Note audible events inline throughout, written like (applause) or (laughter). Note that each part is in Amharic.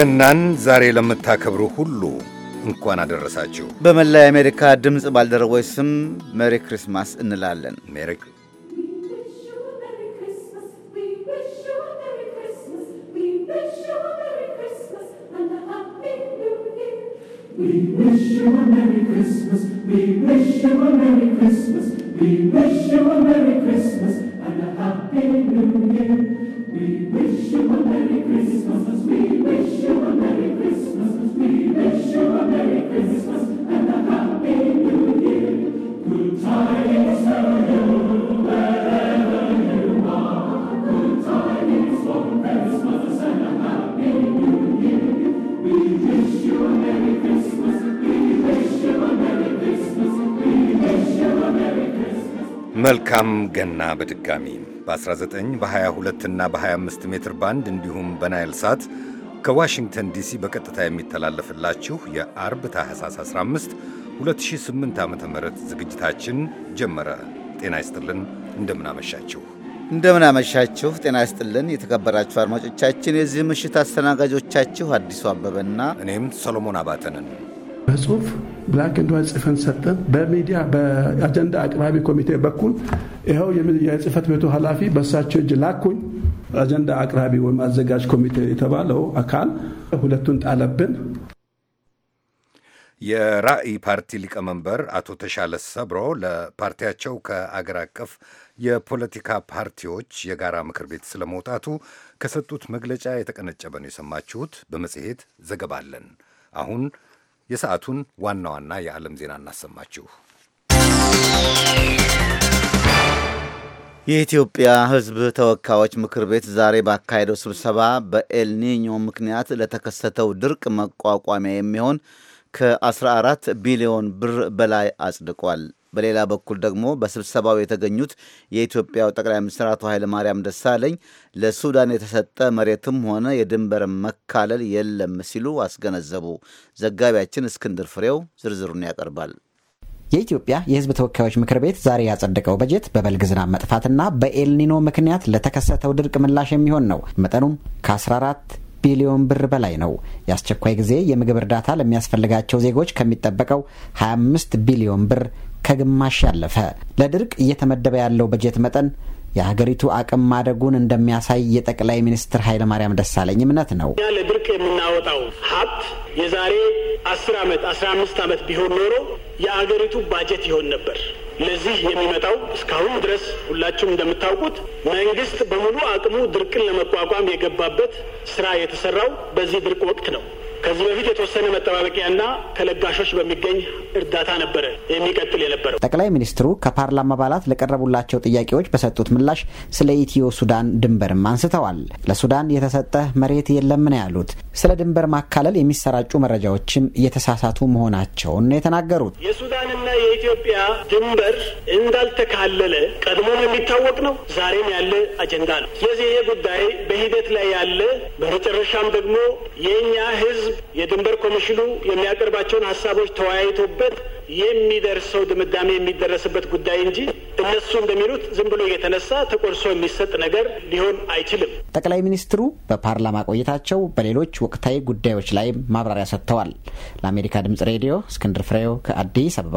ገናን ዛሬ ለምታከብሩ ሁሉ እንኳን አደረሳችሁ። በመላ የአሜሪካ ድምፅ ባልደረቦች ስም ሜሪ ክሪስማስ እንላለን። We wish you a Merry Christmas. We wish you a Merry Christmas. መልካም ገና በድጋሚ በ19 በ22 እና በ25 ሜትር ባንድ እንዲሁም በናይል ሳት ከዋሽንግተን ዲሲ በቀጥታ የሚተላለፍላችሁ የአርብ ታህሳስ 15 2008 ዓ ም ዝግጅታችን ጀመረ። ጤና ይስጥልን። እንደምናመሻችሁ እንደምናመሻችሁ። ጤና ይስጥልን የተከበራችሁ አድማጮቻችን። የዚህ ምሽት አስተናጋጆቻችሁ አዲሱ አበበና እኔም ሰሎሞን አባተንን በጽሁፍ ብላክ ኤንድ ዋይት ጽፈን ሰጠን። በሚዲያ በአጀንዳ አቅራቢ ኮሚቴ በኩል ይኸው የጽህፈት ቤቱ ኃላፊ በእሳቸው እጅ ላኩኝ። አጀንዳ አቅራቢ ወይም አዘጋጅ ኮሚቴ የተባለው አካል ሁለቱን ጣለብን። የራዕይ ፓርቲ ሊቀመንበር አቶ ተሻለ ሰብሮ ለፓርቲያቸው ከአገር አቀፍ የፖለቲካ ፓርቲዎች የጋራ ምክር ቤት ስለመውጣቱ ከሰጡት መግለጫ የተቀነጨበ ነው የሰማችሁት። በመጽሔት ዘገባ አሁን የሰዓቱን ዋና ዋና የዓለም ዜና እናሰማችሁ። የኢትዮጵያ ሕዝብ ተወካዮች ምክር ቤት ዛሬ ባካሄደው ስብሰባ በኤልኒኞ ምክንያት ለተከሰተው ድርቅ መቋቋሚያ የሚሆን ከ14 ቢሊዮን ብር በላይ አጽድቋል። በሌላ በኩል ደግሞ በስብሰባው የተገኙት የኢትዮጵያው ጠቅላይ ሚኒስትር አቶ ኃይለማርያም ደሳለኝ ለሱዳን የተሰጠ መሬትም ሆነ የድንበር መካለል የለም ሲሉ አስገነዘቡ። ዘጋቢያችን እስክንድር ፍሬው ዝርዝሩን ያቀርባል። የኢትዮጵያ የሕዝብ ተወካዮች ምክር ቤት ዛሬ ያጸደቀው በጀት በበልግ ዝናብ መጥፋትና በኤልኒኖ ምክንያት ለተከሰተው ድርቅ ምላሽ የሚሆን ነው። መጠኑም ከ14 ቢሊዮን ብር በላይ ነው። የአስቸኳይ ጊዜ የምግብ እርዳታ ለሚያስፈልጋቸው ዜጎች ከሚጠበቀው 25 ቢሊዮን ብር ከግማሽ ያለፈ ለድርቅ እየተመደበ ያለው በጀት መጠን የሀገሪቱ አቅም ማደጉን እንደሚያሳይ የጠቅላይ ሚኒስትር ኃይለማርያም ደሳለኝ እምነት ነው። እኛ ለድርቅ የምናወጣው ሀብት የዛሬ አስር ዓመት አስራ አምስት ዓመት ቢሆን ኖሮ የአገሪቱ ባጀት ይሆን ነበር። ለዚህ የሚመጣው እስካሁን ድረስ ሁላችሁም እንደምታውቁት መንግስት በሙሉ አቅሙ ድርቅን ለመቋቋም የገባበት ስራ የተሰራው በዚህ ድርቅ ወቅት ነው። ከዚህ በፊት የተወሰነ መጠባበቂያና ከለጋሾች በሚገኝ እርዳታ ነበረ የሚቀጥል የነበረው። ጠቅላይ ሚኒስትሩ ከፓርላማ አባላት ለቀረቡላቸው ጥያቄዎች በሰጡት ምላሽ ስለ ኢትዮ ሱዳን ድንበርም አንስተዋል። ለሱዳን የተሰጠ መሬት የለም ነው ያሉት። ስለ ድንበር ማካለል የሚሰራጩ መረጃዎችም እየተሳሳቱ መሆናቸውን የተናገሩት። የሱዳንና የኢትዮጵያ ድንበር እንዳልተካለለ ቀድሞም የሚታወቅ ነው፣ ዛሬም ያለ አጀንዳ ነው። ስለዚህ ጉዳይ በሂደት ላይ ያለ በመጨረሻም ደግሞ የእኛ ህዝብ ህዝብ የድንበር ኮሚሽኑ የሚያቀርባቸውን ሀሳቦች ተወያይቶበት የሚደርሰው ድምዳሜ የሚደረስበት ጉዳይ እንጂ እነሱ እንደሚሉት ዝም ብሎ እየተነሳ ተቆርሶ የሚሰጥ ነገር ሊሆን አይችልም። ጠቅላይ ሚኒስትሩ በፓርላማ ቆይታቸው በሌሎች ወቅታዊ ጉዳዮች ላይ ማብራሪያ ሰጥተዋል። ለአሜሪካ ድምጽ ሬዲዮ እስክንድር ፍሬው ከአዲስ አበባ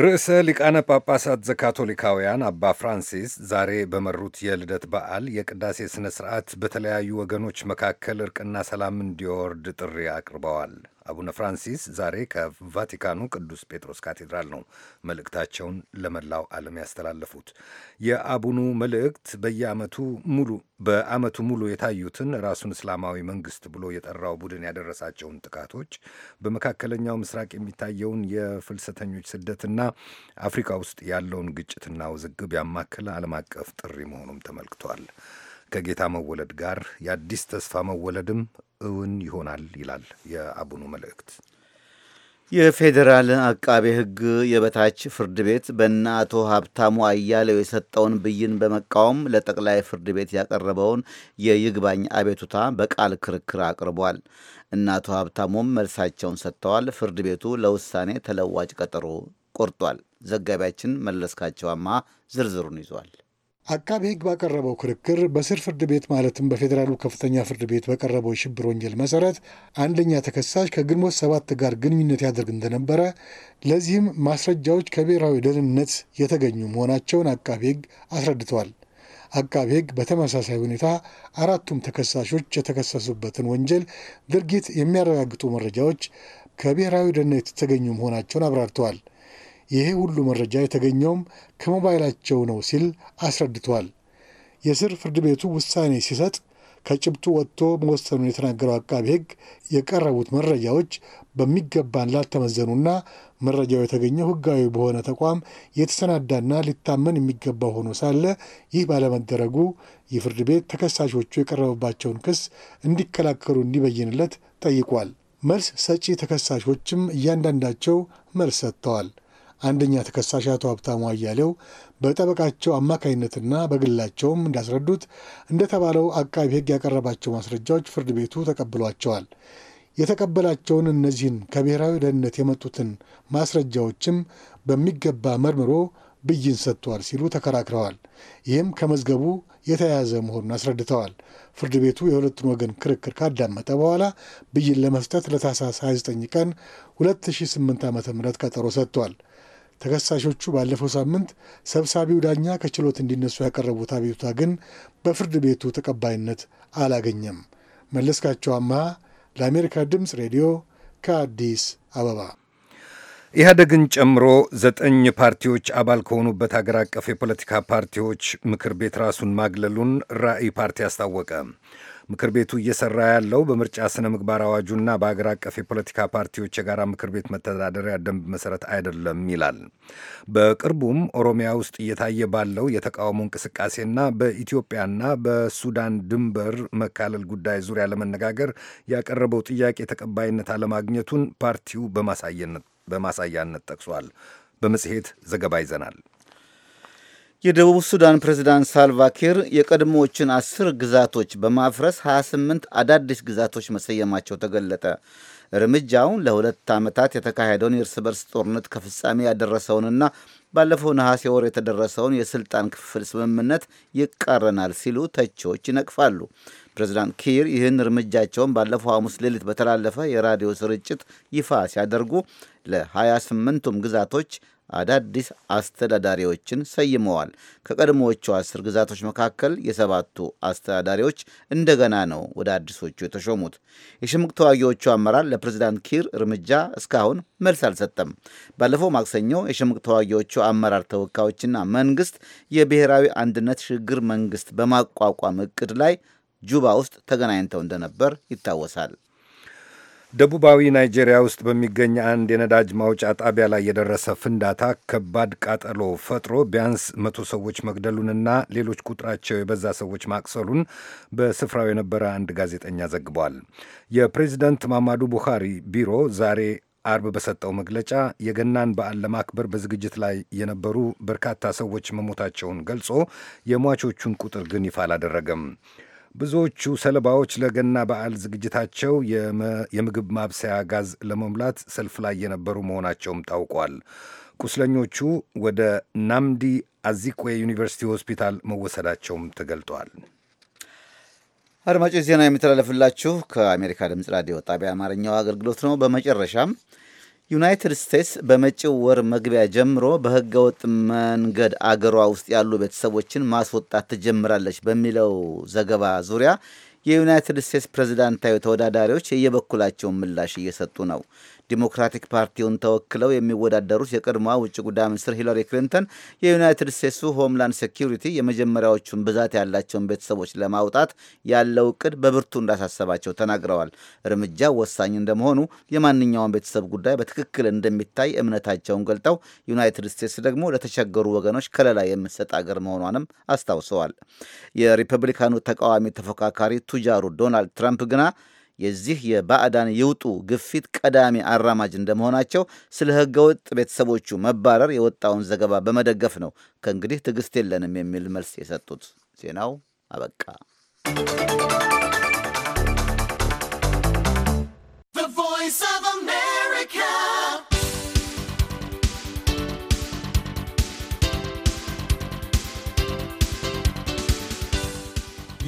ርዕሰ ሊቃነ ጳጳሳት ዘካቶሊካውያን አባ ፍራንሲስ ዛሬ በመሩት የልደት በዓል የቅዳሴ ሥነ ሥርዓት በተለያዩ ወገኖች መካከል እርቅና ሰላም እንዲወርድ ጥሪ አቅርበዋል። አቡነ ፍራንሲስ ዛሬ ከቫቲካኑ ቅዱስ ጴጥሮስ ካቴድራል ነው መልእክታቸውን ለመላው ዓለም ያስተላለፉት። የአቡኑ መልእክት በየዓመቱ ሙሉ በዓመቱ ሙሉ የታዩትን ራሱን እስላማዊ መንግስት ብሎ የጠራው ቡድን ያደረሳቸውን ጥቃቶች፣ በመካከለኛው ምስራቅ የሚታየውን የፍልሰተኞች ስደትና አፍሪካ ውስጥ ያለውን ግጭትና ውዝግብ ያማከለ ዓለም አቀፍ ጥሪ መሆኑም ተመልክቷል። ከጌታ መወለድ ጋር የአዲስ ተስፋ መወለድም እውን ይሆናል ይላል የአቡኑ መልእክት። የፌዴራል አቃቤ ሕግ የበታች ፍርድ ቤት በእነ አቶ ሀብታሙ አያሌው የሰጠውን ብይን በመቃወም ለጠቅላይ ፍርድ ቤት ያቀረበውን የይግባኝ አቤቱታ በቃል ክርክር አቅርቧል። እነ አቶ ሀብታሙም መልሳቸውን ሰጥተዋል። ፍርድ ቤቱ ለውሳኔ ተለዋጭ ቀጠሮ ቆርጧል። ዘጋቢያችን መለስካቸዋማ ዝርዝሩን ይዟል። አቃቤ ሕግ ባቀረበው ክርክር በስር ፍርድ ቤት ማለትም በፌዴራሉ ከፍተኛ ፍርድ ቤት በቀረበው የሽብር ወንጀል መሰረት አንደኛ ተከሳሽ ከግንቦት ሰባት ጋር ግንኙነት ያደርግ እንደነበረ ለዚህም ማስረጃዎች ከብሔራዊ ደህንነት የተገኙ መሆናቸውን አቃቤ ሕግ አስረድተዋል። አቃቤ ሕግ በተመሳሳይ ሁኔታ አራቱም ተከሳሾች የተከሰሱበትን ወንጀል ድርጊት የሚያረጋግጡ መረጃዎች ከብሔራዊ ደህንነት የተገኙ መሆናቸውን አብራርተዋል። ይሄ ሁሉ መረጃ የተገኘውም ከሞባይላቸው ነው ሲል አስረድቷል። የስር ፍርድ ቤቱ ውሳኔ ሲሰጥ ከጭብጡ ወጥቶ መወሰኑን የተናገረው አቃቢ ሕግ የቀረቡት መረጃዎች በሚገባን ላልተመዘኑና መረጃው የተገኘው ሕጋዊ በሆነ ተቋም የተሰናዳና ሊታመን የሚገባ ሆኖ ሳለ ይህ ባለመደረጉ የፍርድ ቤት ተከሳሾቹ የቀረበባቸውን ክስ እንዲከላከሉ እንዲበይንለት ጠይቋል። መልስ ሰጪ ተከሳሾችም እያንዳንዳቸው መልስ ሰጥተዋል። አንደኛ ተከሳሽ አቶ ሀብታሙ አያሌው በጠበቃቸው አማካይነትና በግላቸውም እንዳስረዱት እንደተባለው አቃቢ ሕግ ያቀረባቸው ማስረጃዎች ፍርድ ቤቱ ተቀብሏቸዋል። የተቀበላቸውን እነዚህን ከብሔራዊ ደህንነት የመጡትን ማስረጃዎችም በሚገባ መርምሮ ብይን ሰጥቷል ሲሉ ተከራክረዋል። ይህም ከመዝገቡ የተያያዘ መሆኑን አስረድተዋል። ፍርድ ቤቱ የሁለቱን ወገን ክርክር ካዳመጠ በኋላ ብይን ለመስጠት ለታህሳስ 29 ቀን 2008 ዓ ም ቀጠሮ ሰጥቷል። ተከሳሾቹ ባለፈው ሳምንት ሰብሳቢው ዳኛ ከችሎት እንዲነሱ ያቀረቡት አቤቱታ ግን በፍርድ ቤቱ ተቀባይነት አላገኘም። መለስካቸው አምሃ ለአሜሪካ ድምፅ ሬዲዮ ከአዲስ አበባ። ኢህአደግን ጨምሮ ዘጠኝ ፓርቲዎች አባል ከሆኑበት አገር አቀፍ የፖለቲካ ፓርቲዎች ምክር ቤት ራሱን ማግለሉን ራዕይ ፓርቲ አስታወቀ። ምክር ቤቱ እየሰራ ያለው በምርጫ ስነ ምግባር አዋጁና በአገር አቀፍ የፖለቲካ ፓርቲዎች የጋራ ምክር ቤት መተዳደሪያ ደንብ መሰረት አይደለም ይላል። በቅርቡም ኦሮሚያ ውስጥ እየታየ ባለው የተቃውሞ እንቅስቃሴና በኢትዮጵያና በሱዳን ድንበር መካለል ጉዳይ ዙሪያ ለመነጋገር ያቀረበው ጥያቄ ተቀባይነት አለማግኘቱን ፓርቲው በማሳያነት ጠቅሷል። በመጽሔት ዘገባ ይዘናል። የደቡብ ሱዳን ፕሬዝዳንት ሳልቫኪር የቀድሞዎችን አስር ግዛቶች በማፍረስ 28 አዳዲስ ግዛቶች መሰየማቸው ተገለጠ። እርምጃው ለሁለት ዓመታት የተካሄደውን የእርስ በርስ ጦርነት ከፍጻሜ ያደረሰውንና ባለፈው ነሐሴ ወር የተደረሰውን የስልጣን ክፍል ስምምነት ይቃረናል ሲሉ ተቺዎች ይነቅፋሉ። ፕሬዚዳንት ኪር ይህን እርምጃቸውን ባለፈው ሐሙስ ሌሊት በተላለፈ የራዲዮ ስርጭት ይፋ ሲያደርጉ ለ28ቱም ግዛቶች አዳዲስ አስተዳዳሪዎችን ሰይመዋል። ከቀድሞዎቹ አስር ግዛቶች መካከል የሰባቱ አስተዳዳሪዎች እንደገና ነው ወደ አዲሶቹ የተሾሙት። የሽምቅ ተዋጊዎቹ አመራር ለፕሬዚዳንት ኪር እርምጃ እስካሁን መልስ አልሰጠም። ባለፈው ማክሰኞ የሽምቅ ተዋጊዎቹ አመራር ተወካዮችና መንግስት የብሔራዊ አንድነት ሽግግር መንግስት በማቋቋም እቅድ ላይ ጁባ ውስጥ ተገናኝተው እንደነበር ይታወሳል። ደቡባዊ ናይጄሪያ ውስጥ በሚገኝ አንድ የነዳጅ ማውጫ ጣቢያ ላይ የደረሰ ፍንዳታ ከባድ ቃጠሎ ፈጥሮ ቢያንስ መቶ ሰዎች መግደሉንና ሌሎች ቁጥራቸው የበዛ ሰዎች ማቅሰሉን በስፍራው የነበረ አንድ ጋዜጠኛ ዘግቧል። የፕሬዚደንት ማማዱ ቡኻሪ ቢሮ ዛሬ አርብ በሰጠው መግለጫ የገናን በዓል ለማክበር በዝግጅት ላይ የነበሩ በርካታ ሰዎች መሞታቸውን ገልጾ የሟቾቹን ቁጥር ግን ይፋ አላደረገም። ብዙዎቹ ሰለባዎች ለገና በዓል ዝግጅታቸው የምግብ ማብሰያ ጋዝ ለመሙላት ሰልፍ ላይ የነበሩ መሆናቸውም ታውቋል። ቁስለኞቹ ወደ ናምዲ አዚቅዌ ዩኒቨርሲቲ ሆስፒታል መወሰዳቸውም ተገልጧል። አድማጮች ዜና የሚተላለፍላችሁ ከአሜሪካ ድምፅ ራዲዮ ጣቢያ አማርኛው አገልግሎት ነው። በመጨረሻም ዩናይትድ ስቴትስ በመጪው ወር መግቢያ ጀምሮ በህገወጥ መንገድ አገሯ ውስጥ ያሉ ቤተሰቦችን ማስወጣት ትጀምራለች በሚለው ዘገባ ዙሪያ የዩናይትድ ስቴትስ ፕሬዚዳንታዊ ተወዳዳሪዎች የየበኩላቸውን ምላሽ እየሰጡ ነው። ዲሞክራቲክ ፓርቲውን ተወክለው የሚወዳደሩት የቀድሞዋ ውጭ ጉዳይ ሚኒስትር ሂላሪ ክሊንተን የዩናይትድ ስቴትሱ ሆምላንድ ሴኪሪቲ የመጀመሪያዎቹን ብዛት ያላቸውን ቤተሰቦች ለማውጣት ያለው እቅድ በብርቱ እንዳሳሰባቸው ተናግረዋል። እርምጃው ወሳኝ እንደመሆኑ የማንኛውም ቤተሰብ ጉዳይ በትክክል እንደሚታይ እምነታቸውን ገልጠው ዩናይትድ ስቴትስ ደግሞ ለተቸገሩ ወገኖች ከለላ የምትሰጥ አገር መሆኗንም አስታውሰዋል። የሪፐብሊካኑ ተቃዋሚ ተፎካካሪ ቱጃሩ ዶናልድ ትራምፕ ግና የዚህ የባዕዳን ይውጡ ግፊት ቀዳሚ አራማጅ እንደመሆናቸው ስለ ህገወጥ ቤተሰቦቹ መባረር የወጣውን ዘገባ በመደገፍ ነው ከእንግዲህ ትዕግስት የለንም የሚል መልስ የሰጡት። ዜናው አበቃ።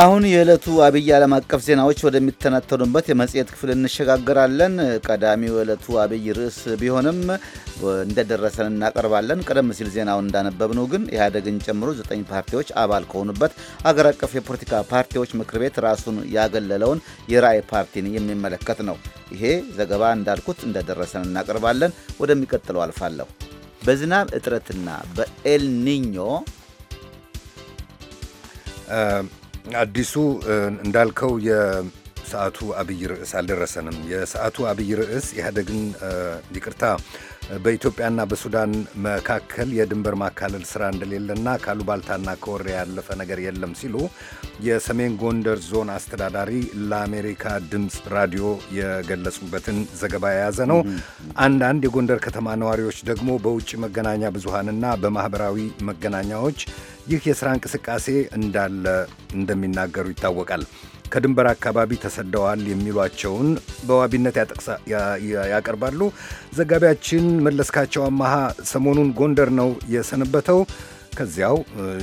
አሁን የዕለቱ አብይ ዓለም አቀፍ ዜናዎች ወደሚተነተኑበት የመጽሔት ክፍል እንሸጋገራለን ቀዳሚው የዕለቱ አብይ ርዕስ ቢሆንም እንደደረሰን እናቀርባለን። ቀደም ሲል ዜናውን እንዳነበብነው ግን ኢህአደግን ጨምሮ ዘጠኝ ፓርቲዎች አባል ከሆኑበት አገር አቀፍ የፖለቲካ ፓርቲዎች ምክር ቤት ራሱን ያገለለውን የራእይ ፓርቲን የሚመለከት ነው። ይሄ ዘገባ እንዳልኩት እንደደረሰን እናቀርባለን። ወደሚቀጥለው አልፋለሁ። በዝናብ እጥረትና በኤልኒኞ አዲሱ እንዳልከው የሰዓቱ አብይ ርዕስ አልደረሰንም። የሰዓቱ አብይ ርዕስ ኢህአዴግን ይቅርታ በኢትዮጵያና በሱዳን መካከል የድንበር ማካለል ስራ እንደሌለና ካሉባልታና ከወሬ ያለፈ ነገር የለም ሲሉ የሰሜን ጎንደር ዞን አስተዳዳሪ ለአሜሪካ ድምፅ ራዲዮ የገለጹበትን ዘገባ የያዘ ነው። አንዳንድ የጎንደር ከተማ ነዋሪዎች ደግሞ በውጭ መገናኛ ብዙሃንና በማኅበራዊ መገናኛዎች ይህ የሥራ እንቅስቃሴ እንዳለ እንደሚናገሩ ይታወቃል። ከድንበር አካባቢ ተሰደዋል የሚሏቸውን በዋቢነት ያቀርባሉ። ዘጋቢያችን መለስካቸው አማሃ ሰሞኑን ጎንደር ነው የሰነበተው። ከዚያው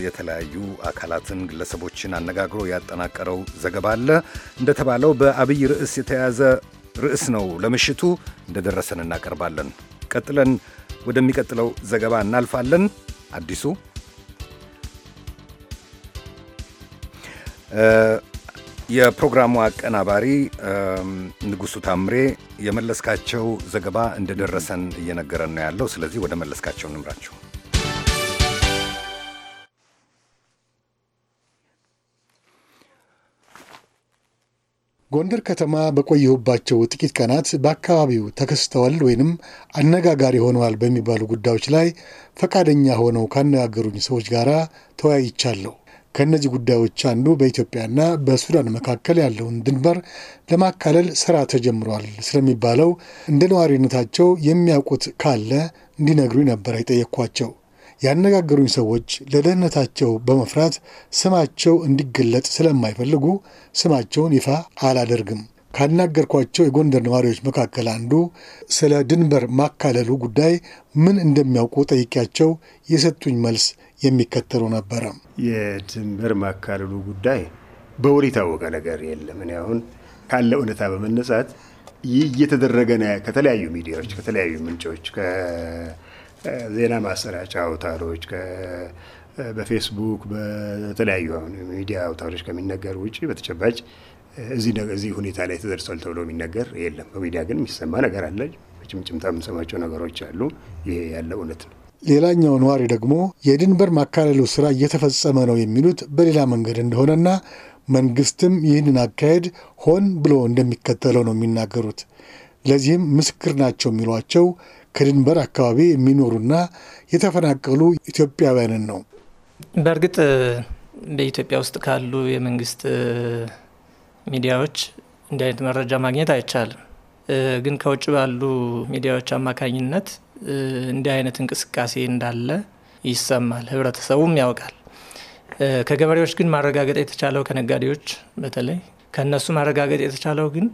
የተለያዩ አካላትን ግለሰቦችን አነጋግሮ ያጠናቀረው ዘገባ አለ። እንደተባለው በአብይ ርዕስ የተያዘ ርዕስ ነው ለምሽቱ እንደደረሰን እናቀርባለን። ቀጥለን ወደሚቀጥለው ዘገባ እናልፋለን። አዲሱ የፕሮግራሙ አቀናባሪ ንጉሱ ታምሬ የመለስካቸው ዘገባ እንደደረሰን እየነገረን ነው ያለው። ስለዚህ ወደ መለስካቸው ንምራቸው። ጎንደር ከተማ በቆየሁባቸው ጥቂት ቀናት በአካባቢው ተከስተዋል ወይንም አነጋጋሪ ሆነዋል በሚባሉ ጉዳዮች ላይ ፈቃደኛ ሆነው ካነጋገሩኝ ሰዎች ጋር ተወያይቻለሁ። ከእነዚህ ጉዳዮች አንዱ በኢትዮጵያና በሱዳን መካከል ያለውን ድንበር ለማካለል ስራ ተጀምሯል ስለሚባለው እንደ ነዋሪነታቸው የሚያውቁት ካለ እንዲነግሩ ነበር አይጠየኳቸው። ያነጋገሩኝ ሰዎች ለደህንነታቸው በመፍራት ስማቸው እንዲገለጥ ስለማይፈልጉ ስማቸውን ይፋ አላደርግም ካናገርኳቸው የጎንደር ነዋሪዎች መካከል አንዱ ስለ ድንበር ማካለሉ ጉዳይ ምን እንደሚያውቁ ጠይቂያቸው የሰጡኝ መልስ የሚከተሉ ነበረ። የድንበር ማካለሉ ጉዳይ በውል የታወቀ ነገር የለም። እኔ አሁን ካለ እውነታ በመነሳት ይህ እየተደረገ ከተለያዩ ሚዲያዎች፣ ከተለያዩ ምንጮች፣ ከዜና ማሰራጫ አውታሮች በፌስቡክ በተለያዩ ሚዲያ አውታሮች ከሚነገሩ ውጭ በተጨባጭ እዚህ ሁኔታ ላይ ተደርሷል ተብሎ የሚነገር የለም። በሚዲያ ግን የሚሰማ ነገር አለ። በጭምጭምታ የምንሰማቸው ነገሮች አሉ። ይሄ ያለ እውነት ነው። ሌላኛው ነዋሪ ደግሞ የድንበር ማካለሉ ስራ እየተፈጸመ ነው የሚሉት በሌላ መንገድ እንደሆነና መንግስትም ይህንን አካሄድ ሆን ብሎ እንደሚከተለው ነው የሚናገሩት። ለዚህም ምስክር ናቸው የሚሏቸው ከድንበር አካባቢ የሚኖሩና የተፈናቀሉ ኢትዮጵያውያንን ነው። በእርግጥ በኢትዮጵያ ውስጥ ካሉ የመንግስት ሚዲያዎች እንዲህ አይነት መረጃ ማግኘት አይቻልም። ግን ከውጭ ባሉ ሚዲያዎች አማካኝነት እንዲህ አይነት እንቅስቃሴ እንዳለ ይሰማል፣ ህብረተሰቡም ያውቃል። ከገበሬዎች ግን ማረጋገጥ የተቻለው ከነጋዴዎች በተለይ ከእነሱ ማረጋገጥ የተቻለው ግን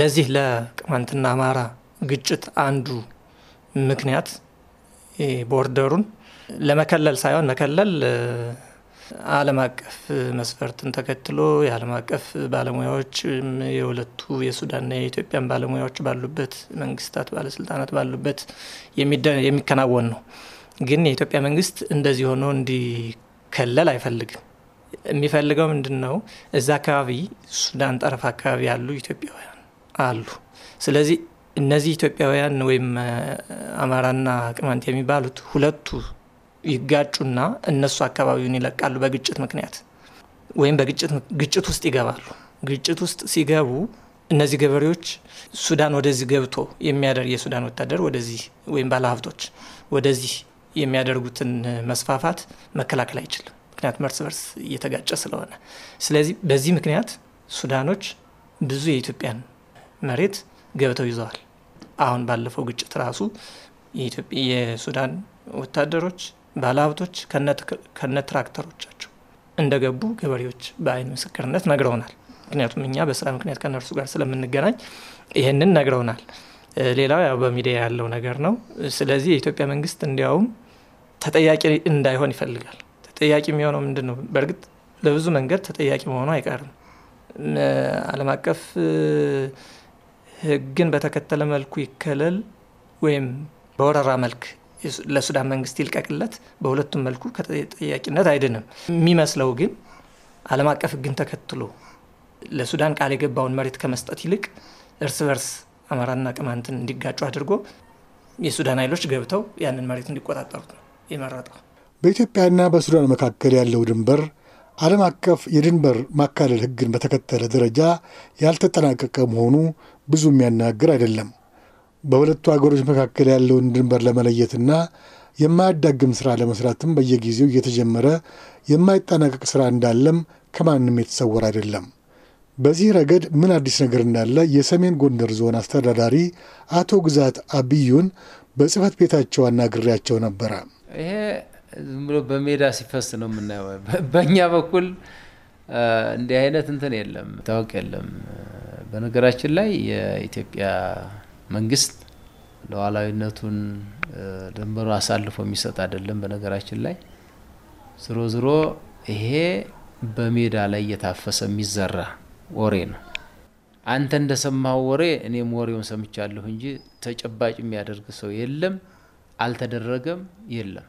ለዚህ ለቅማንትና አማራ ግጭት አንዱ ምክንያት ቦርደሩን ለመከለል ሳይሆን መከለል ዓለም አቀፍ መስፈርትን ተከትሎ የዓለም አቀፍ ባለሙያዎች የሁለቱ የሱዳንና የኢትዮጵያን ባለሙያዎች ባሉበት መንግስታት ባለስልጣናት ባሉበት የሚከናወን ነው። ግን የኢትዮጵያ መንግስት እንደዚህ ሆኖ እንዲከለል አይፈልግም። የሚፈልገው ምንድን ነው? እዛ አካባቢ ሱዳን ጠረፍ አካባቢ ያሉ ኢትዮጵያውያን አሉ። ስለዚህ እነዚህ ኢትዮጵያውያን ወይም አማራና ቅማንት የሚባሉት ሁለቱ ይጋጩና እነሱ አካባቢውን ይለቃሉ በግጭት ምክንያት ወይም በግጭት ውስጥ ይገባሉ። ግጭት ውስጥ ሲገቡ እነዚህ ገበሬዎች ሱዳን ወደዚህ ገብቶ የሚያደርግ የሱዳን ወታደር ወደዚህ ወይም ባለሀብቶች ወደዚህ የሚያደርጉትን መስፋፋት መከላከል አይችልም። ምክንያቱ እርስ በርስ እየተጋጨ ስለሆነ፣ ስለዚህ በዚህ ምክንያት ሱዳኖች ብዙ የኢትዮጵያን መሬት ገብተው ይዘዋል። አሁን ባለፈው ግጭት ራሱ የሱዳን ወታደሮች ባለሀብቶች ትራክተሮቻቸው እንደገቡ ገበሬዎች በአይን ምስክርነት ነግረውናል። ምክንያቱም እኛ በስራ ምክንያት ከነርሱ ጋር ስለምንገናኝ ይህንን ነግረውናል። ሌላው ያው በሚዲያ ያለው ነገር ነው። ስለዚህ የኢትዮጵያ መንግስት እንዲያውም ተጠያቂ እንዳይሆን ይፈልጋል። ተጠያቂ የሚሆነው ምንድን ነው? በእርግጥ ለብዙ መንገድ ተጠያቂ መሆኑ አይቀርም። ዓለም አቀፍ ህግን በተከተለ መልኩ ይከለል ወይም በወረራ መልክ ለሱዳን መንግስት ይልቀቅለት። በሁለቱም መልኩ ከተጠያቂነት አይድንም። የሚመስለው ግን አለም አቀፍ ህግን ተከትሎ ለሱዳን ቃል የገባውን መሬት ከመስጠት ይልቅ እርስ በርስ አማራና ቅማንትን እንዲጋጩ አድርጎ የሱዳን ኃይሎች ገብተው ያንን መሬት እንዲቆጣጠሩት ነው የመረጠው። በኢትዮጵያና በሱዳን መካከል ያለው ድንበር ዓለም አቀፍ የድንበር ማካለል ህግን በተከተለ ደረጃ ያልተጠናቀቀ መሆኑ ብዙ የሚያናግር አይደለም። በሁለቱ አገሮች መካከል ያለውን ድንበር ለመለየትና የማያዳግም ስራ ለመስራትም በየጊዜው እየተጀመረ የማይጠናቀቅ ስራ እንዳለም ከማንም የተሰወረ አይደለም። በዚህ ረገድ ምን አዲስ ነገር እንዳለ የሰሜን ጎንደር ዞን አስተዳዳሪ አቶ ግዛት አብዩን በጽህፈት ቤታቸው አናግሬያቸው ነበረ። ይሄ ዝም ብሎ በሜዳ ሲፈስ ነው የምናየው። በእኛ በኩል እንዲህ አይነት እንትን የለም፣ ታወቅ የለም። በነገራችን ላይ የኢትዮጵያ መንግስት ለዋላዊነቱን ድንበሩ አሳልፎ የሚሰጥ አይደለም። በነገራችን ላይ ዝሮ ዝሮ ይሄ በሜዳ ላይ እየታፈሰ የሚዘራ ወሬ ነው። አንተ እንደሰማው ወሬ እኔም ወሬውን ሰምቻለሁ እንጂ ተጨባጭ የሚያደርግ ሰው የለም፣ አልተደረገም፣ የለም።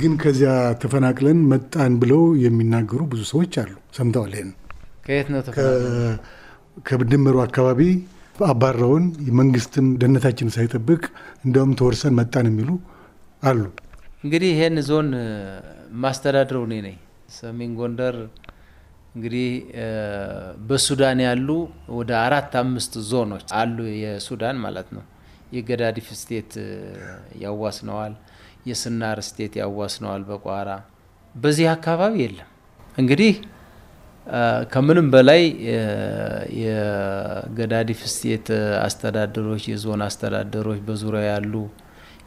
ግን ከዚያ ተፈናቅለን መጣን ብለው የሚናገሩ ብዙ ሰዎች አሉ። ሰምተዋል። ይሄን ከየት ነው ከድንበሩ አካባቢ አባረውን መንግስትም ደህንነታችን ሳይጠብቅ እንደውም ተወርሰን መጣን የሚሉ አሉ። እንግዲህ ይሄን ዞን ማስተዳድረው እኔ ነኝ። ሰሜን ጎንደር እንግዲህ በሱዳን ያሉ ወደ አራት አምስት ዞኖች አሉ። የሱዳን ማለት ነው። የገዳዲፍ ስቴት ያዋስነዋል፣ የስናር ስቴት ያዋስነዋል በቋራ በዚህ አካባቢ የለም እንግዲህ ከምንም በላይ የገዳዲፍ ስቴት አስተዳደሮች፣ የዞን አስተዳደሮች፣ በዙሪያ ያሉ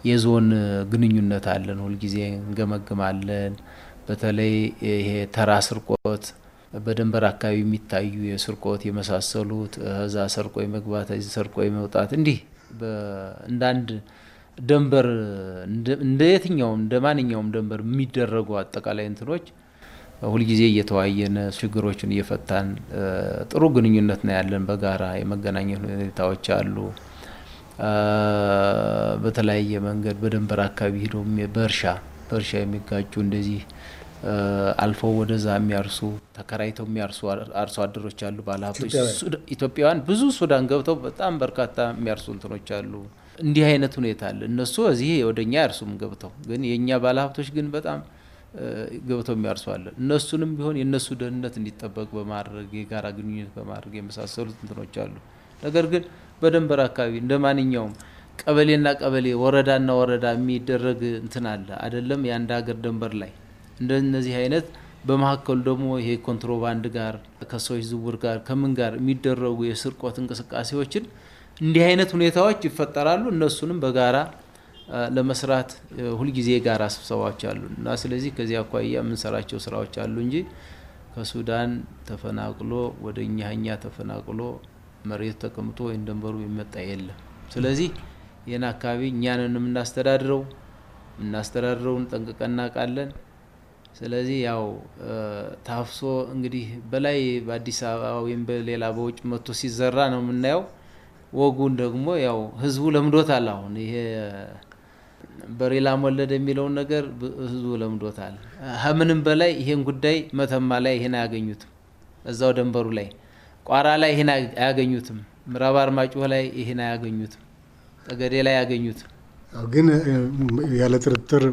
የዞን ግንኙነት አለን፣ ሁልጊዜ እንገመግማለን። በተለይ ይሄ ተራ ስርቆት፣ በድንበር አካባቢ የሚታዩ የስርቆት የመሳሰሉት እዛ ሰርቆ የመግባት እዚህ ሰርቆ የመውጣት እንዲህ እንዳንድ ደንበር እንደ የትኛውም እንደ ማንኛውም ደንበር የሚደረጉ አጠቃላይ እንትኖች ሁልጊዜ እየተዋየን ችግሮችን እየፈታን ጥሩ ግንኙነት ነው ያለን። በጋራ የመገናኘት ሁኔታዎች አሉ። በተለያየ መንገድ በድንበር አካባቢ ሄዶ በእርሻ በእርሻ የሚጋጩ እንደዚህ አልፎ ወደዛ የሚያርሱ ተከራይተው የሚያርሱ አርሶ አደሮች አሉ፣ ባለሀብቶች ኢትዮጵያውያን ብዙ ሱዳን ገብተው በጣም በርካታ የሚያርሱ እንትኖች አሉ። እንዲህ አይነት ሁኔታ አለ። እነሱ እዚህ ወደኛ አያርሱም ገብተው ግን የእኛ ባለሀብቶች ግን በጣም ገብተው የሚያርሱ አለ። እነሱንም ቢሆን የእነሱ ደህንነት እንዲጠበቅ በማድረግ የጋራ ግንኙነት በማድረግ የመሳሰሉት እንትኖች አሉ። ነገር ግን በደንበር አካባቢ እንደ ማንኛውም ቀበሌና ቀበሌ ወረዳና ወረዳ የሚደረግ እንትን አለ አይደለም፣ የአንድ ሀገር ደንበር ላይ እንደነዚህ አይነት በመካከሉ ደግሞ ይሄ ኮንትሮባንድ ጋር ከሰዎች ዝውውር ጋር ከምን ጋር የሚደረጉ የስርቆት እንቅስቃሴዎችን እንዲህ አይነት ሁኔታዎች ይፈጠራሉ። እነሱንም በጋራ ለመስራት ሁልጊዜ የጋራ ስብሰባዎች አሉ እና ስለዚህ ከዚህ አኳያ የምንሰራቸው ስራዎች አሉ እንጂ ከሱዳን ተፈናቅሎ ወደ እኛ ተፈናቅሎ መሬት ተቀምጦ ወይም ደንበሩ የሚመጣ የለም። ስለዚህ ይህን አካባቢ እኛንን የምናስተዳድረው የምናስተዳድረውን ጠንቅቀን እናውቃለን። ስለዚህ ያው ታፍሶ እንግዲህ በላይ በአዲስ አበባ ወይም በሌላ በውጭ መጥቶ ሲዘራ ነው የምናየው። ወጉን ደግሞ ያው ህዝቡ ለምዶታል አሁን ይሄ በሪላም ወለደ የሚለውን ነገር ህዝቡ ለምዶታል። ከምንም በላይ ይሄን ጉዳይ መተማ ላይ ይሄን አያገኙትም። እዛው ደንበሩ ላይ ቋራ ላይ ይሄን አያገኙትም። ምዕራብ አርማጭሆ ላይ ይሄን አያገኙትም። ጠገዴ ላይ አያገኙትም። ግን ያለ ጥርጥር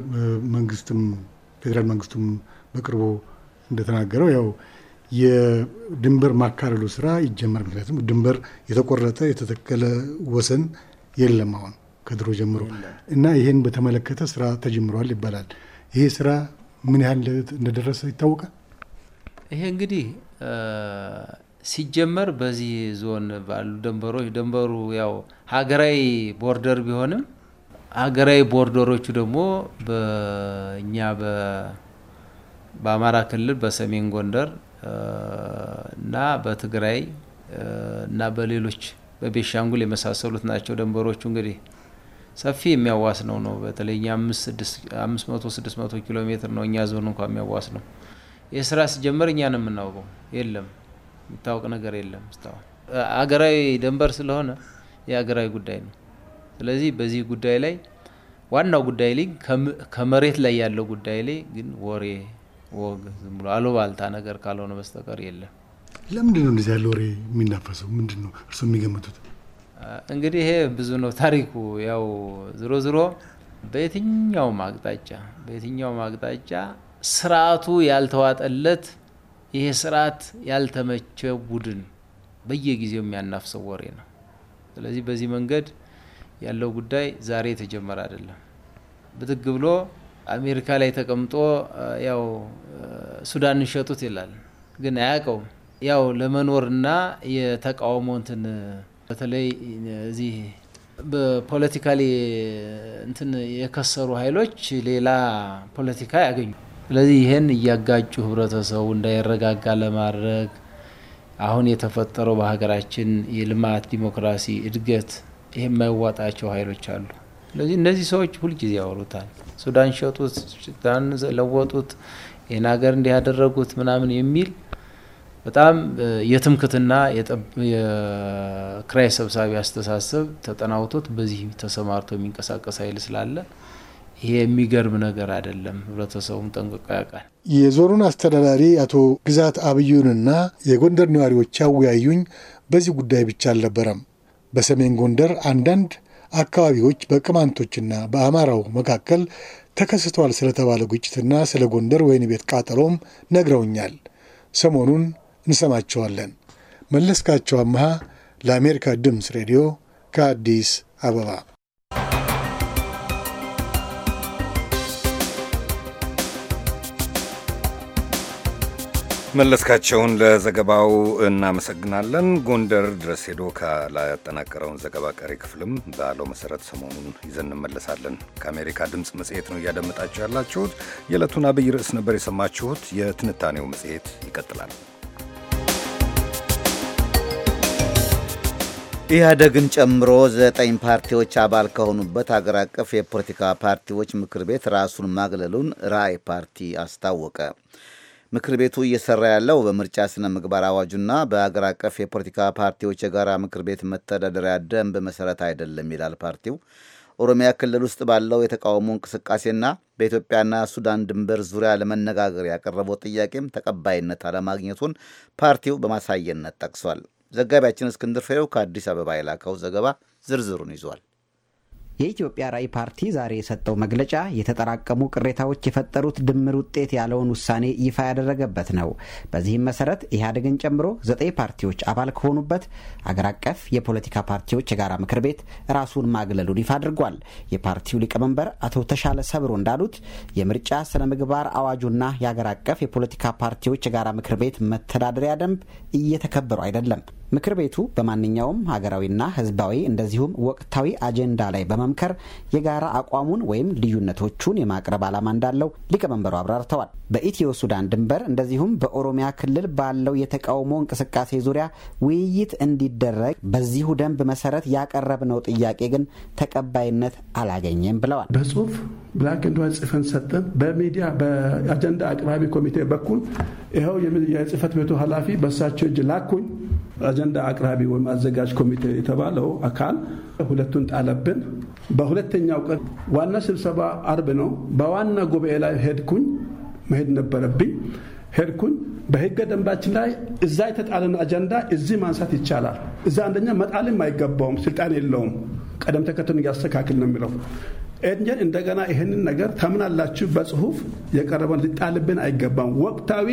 መንግስትም ፌዴራል መንግስቱም በቅርቡ እንደተናገረው ያው የድንበር ማካለሉ ስራ ይጀመር። ምክንያቱም ድንበር የተቆረጠ የተተከለ ወሰን የለም አሁን ከድሮ ጀምሮ እና ይሄን በተመለከተ ስራ ተጀምሯል ይባላል። ይሄ ስራ ምን ያህል እንደደረሰ ይታወቃል? ይሄ እንግዲህ ሲጀመር በዚህ ዞን ባሉ ደንበሮች ደንበሩ ያው ሀገራዊ ቦርደር ቢሆንም ሀገራዊ ቦርደሮቹ ደግሞ በእኛ በአማራ ክልል በሰሜን ጎንደር እና በትግራይ እና በሌሎች በቤሻንጉል የመሳሰሉት ናቸው ደንበሮቹ እንግዲህ ሰፊ የሚያዋስ ነው ነው በተለይ አምስት መቶ ስድስት መቶ ኪሎ ሜትር ነው እኛ ዞን እንኳ የሚያዋስ ነው። ይህ ስራ ሲጀመር እኛ ነው የምናውቀው። የለም የሚታወቅ ነገር የለም እስካሁን። አገራዊ ደንበር ስለሆነ የአገራዊ ጉዳይ ነው። ስለዚህ በዚህ ጉዳይ ላይ ዋናው ጉዳይ ላይ ከመሬት ላይ ያለው ጉዳይ ላይ ግን ወሬ ወግ ዝም ብሎ አሉባልታ ነገር ካልሆነ በስተቀር የለም። ለምንድን ነው እንደዚህ ያለ ወሬ የሚናፈሰው? ምንድን ነው እርስዎ የሚገምቱት? እንግዲህ ይሄ ብዙ ነው ታሪኩ። ያው ዝሮ ዝሮ በየትኛውም አቅጣጫ በየትኛውም አቅጣጫ ስርዓቱ ያልተዋጠለት ይሄ ስርዓት ያልተመቸ ቡድን በየጊዜው የሚያናፍሰው ወሬ ነው። ስለዚህ በዚህ መንገድ ያለው ጉዳይ ዛሬ የተጀመረ አይደለም። ብትግ ብሎ አሜሪካ ላይ ተቀምጦ ያው ሱዳን እንሸጡት ይላል፣ ግን አያውቀውም። ያው ለመኖርና የተቃውሞ እንትን በተለይ እዚህ በፖለቲካሊ እንትን የከሰሩ ኃይሎች ሌላ ፖለቲካ ያገኙ። ስለዚህ ይህን እያጋጩ ህብረተሰቡ እንዳይረጋጋ ለማድረግ አሁን የተፈጠረው በሀገራችን የልማት ዲሞክራሲ፣ እድገት ይህ የማይዋጣቸው ኃይሎች አሉ። ስለዚህ እነዚህ ሰዎች ሁልጊዜ ያወሩታል። ሱዳን ሸጡት፣ ሱዳን ለወጡት፣ ይህን ሀገር እንዲህ ያደረጉት ምናምን የሚል በጣም የትምክትና የክራይ ሰብሳቢ አስተሳሰብ ተጠናውቶት በዚህ ተሰማርቶ የሚንቀሳቀስ ኃይል ስላለ ይሄ የሚገርም ነገር አይደለም። ህብረተሰቡም ጠንቅቆ ያውቃል። የዞኑን አስተዳዳሪ አቶ ግዛት አብዩንና የጎንደር ነዋሪዎች ያወያዩኝ በዚህ ጉዳይ ብቻ አልነበረም። በሰሜን ጎንደር አንዳንድ አካባቢዎች በቅማንቶችና በአማራው መካከል ተከስተዋል ስለተባለ ግጭትና ስለ ጎንደር ወይን ቤት ቃጠሎም ነግረውኛል። ሰሞኑን እንሰማቸዋለን። መለስካቸው አመሃ ለአሜሪካ ድምፅ ሬዲዮ ከአዲስ አበባ መለስካቸውን ለዘገባው እናመሰግናለን። ጎንደር ድረስ ሄዶ ካላጠናቀረውን ዘገባ ቀሪ ክፍልም ባለው መሰረት ሰሞኑን ይዘን እንመለሳለን። ከአሜሪካ ድምፅ መጽሔት ነው እያደመጣችሁ ያላችሁት። የዕለቱን አብይ ርዕስ ነበር የሰማችሁት። የትንታኔው መጽሔት ይቀጥላል። ኢህአደግን ጨምሮ ዘጠኝ ፓርቲዎች አባል ከሆኑበት አገር አቀፍ የፖለቲካ ፓርቲዎች ምክር ቤት ራሱን ማግለሉን ራዕይ ፓርቲ አስታወቀ። ምክር ቤቱ እየሰራ ያለው በምርጫ ስነ ምግባር አዋጁና በአገር አቀፍ የፖለቲካ ፓርቲዎች የጋራ ምክር ቤት መተዳደሪያ ደንብ መሰረት አይደለም ይላል ፓርቲው። ኦሮሚያ ክልል ውስጥ ባለው የተቃውሞ እንቅስቃሴና በኢትዮጵያና ሱዳን ድንበር ዙሪያ ለመነጋገር ያቀረበው ጥያቄም ተቀባይነት አለማግኘቱን ፓርቲው በማሳየነት ጠቅሷል። ዘጋቢያችን እስክንድር ፍሬው ከአዲስ አበባ የላከው ዘገባ ዝርዝሩን ይዟል። የኢትዮጵያ ራዕይ ፓርቲ ዛሬ የሰጠው መግለጫ የተጠራቀሙ ቅሬታዎች የፈጠሩት ድምር ውጤት ያለውን ውሳኔ ይፋ ያደረገበት ነው። በዚህም መሰረት ኢህአዴግን ጨምሮ ዘጠኝ ፓርቲዎች አባል ከሆኑበት አገር አቀፍ የፖለቲካ ፓርቲዎች የጋራ ምክር ቤት ራሱን ማግለሉን ይፋ አድርጓል። የፓርቲው ሊቀመንበር አቶ ተሻለ ሰብሮ እንዳሉት የምርጫ ስነ ምግባር አዋጁና የአገር አቀፍ የፖለቲካ ፓርቲዎች የጋራ ምክር ቤት መተዳደሪያ ደንብ እየተከበሩ አይደለም። ምክር ቤቱ በማንኛውም ሀገራዊና ህዝባዊ እንደዚሁም ወቅታዊ አጀንዳ ላይ በመምከር የጋራ አቋሙን ወይም ልዩነቶቹን የማቅረብ ዓላማ እንዳለው ሊቀመንበሩ አብራርተዋል። በኢትዮ ሱዳን ድንበር እንደዚሁም በኦሮሚያ ክልል ባለው የተቃውሞ እንቅስቃሴ ዙሪያ ውይይት እንዲደረግ በዚሁ ደንብ መሰረት ያቀረብነው ጥያቄ ግን ተቀባይነት አላገኘም ብለዋል። በጽሁፍ ብላክ ንድ ጽፈን ሰጠን። በሚዲያ በአጀንዳ አቅራቢ ኮሚቴ በኩል ይኸው የጽህፈት ቤቱ ኃላፊ በእሳቸው እጅ ላኩኝ አጀንዳ አቅራቢ ወይም አዘጋጅ ኮሚቴ የተባለው አካል ሁለቱን ጣለብን። በሁለተኛው ቀን ዋና ስብሰባ አርብ ነው። በዋና ጉባኤ ላይ ሄድኩኝ። መሄድ ነበረብኝ። ሄድኩኝ። በህገ ደንባችን ላይ እዛ የተጣለን አጀንዳ እዚህ ማንሳት ይቻላል። እዛ አንደኛ መጣልም አይገባውም፣ ስልጣን የለውም። ቀደም ተከተሉን እያስተካክል ነው የሚለው ኤንጀን እንደገና ይህንን ነገር ተምናላችሁ በጽሁፍ የቀረበን ሊጣልብን አይገባም። ወቅታዊ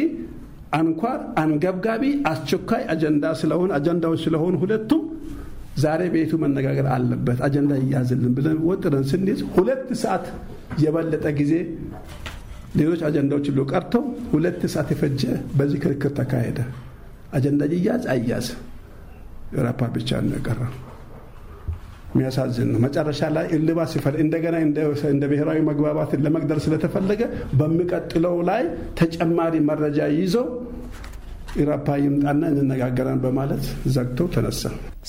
አንኳር፣ አንገብጋቢ፣ አስቸኳይ አጀንዳ ስለሆን አጀንዳዎች ስለሆኑ ሁለቱም ዛሬ ቤቱ መነጋገር አለበት አጀንዳ ይያዝልን ብለን ወጥረን ስንይዝ ሁለት ሰዓት የበለጠ ጊዜ ሌሎች አጀንዳዎች ሁሉ ቀርተው ሁለት ሰዓት የፈጀ በዚህ ክርክር ተካሄደ። አጀንዳ ይያዝ አይያዝ ራፓር ብቻ ነው የቀረው። የሚያሳዝን ነው። መጨረሻ ላይ እልባ ሲፈል እንደገና እንደ ብሔራዊ መግባባት ለመግደር ስለተፈለገ በሚቀጥለው ላይ ተጨማሪ መረጃ ይዘው ኢራፓ ይምጣና እንነጋገራን በማለት ዘግተው ተነሳ።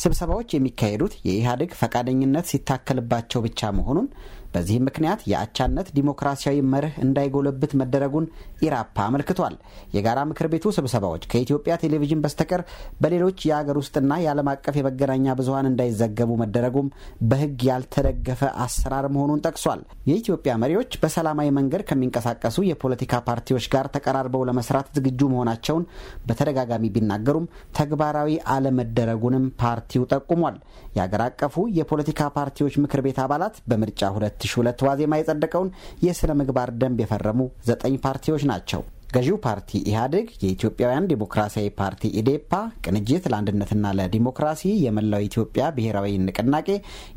ስብሰባዎች የሚካሄዱት የኢህአዴግ ፈቃደኝነት ሲታከልባቸው ብቻ መሆኑን በዚህም ምክንያት የአቻነት ዲሞክራሲያዊ መርህ እንዳይጎለብት መደረጉን ኢራፓ አመልክቷል። የጋራ ምክር ቤቱ ስብሰባዎች ከኢትዮጵያ ቴሌቪዥን በስተቀር በሌሎች የአገር ውስጥና የዓለም አቀፍ የመገናኛ ብዙሀን እንዳይዘገቡ መደረጉም በሕግ ያልተደገፈ አሰራር መሆኑን ጠቅሷል። የኢትዮጵያ መሪዎች በሰላማዊ መንገድ ከሚንቀሳቀሱ የፖለቲካ ፓርቲዎች ጋር ተቀራርበው ለመስራት ዝግጁ መሆናቸውን በተደጋጋሚ ቢናገሩም ተግባራዊ አለመደረጉንም ፓርቲው ጠቁሟል። የአገር አቀፉ የፖለቲካ ፓርቲዎች ምክር ቤት አባላት በምርጫ ሁለት 2002 ዋዜማ የጸደቀውን የሥነ ምግባር ደንብ የፈረሙ ዘጠኝ ፓርቲዎች ናቸው። ገዢው ፓርቲ ኢህአዴግ፣ የኢትዮጵያውያን ዴሞክራሲያዊ ፓርቲ ኢዴፓ፣ ቅንጅት ለአንድነትና ለዲሞክራሲ፣ የመላው ኢትዮጵያ ብሔራዊ ንቅናቄ፣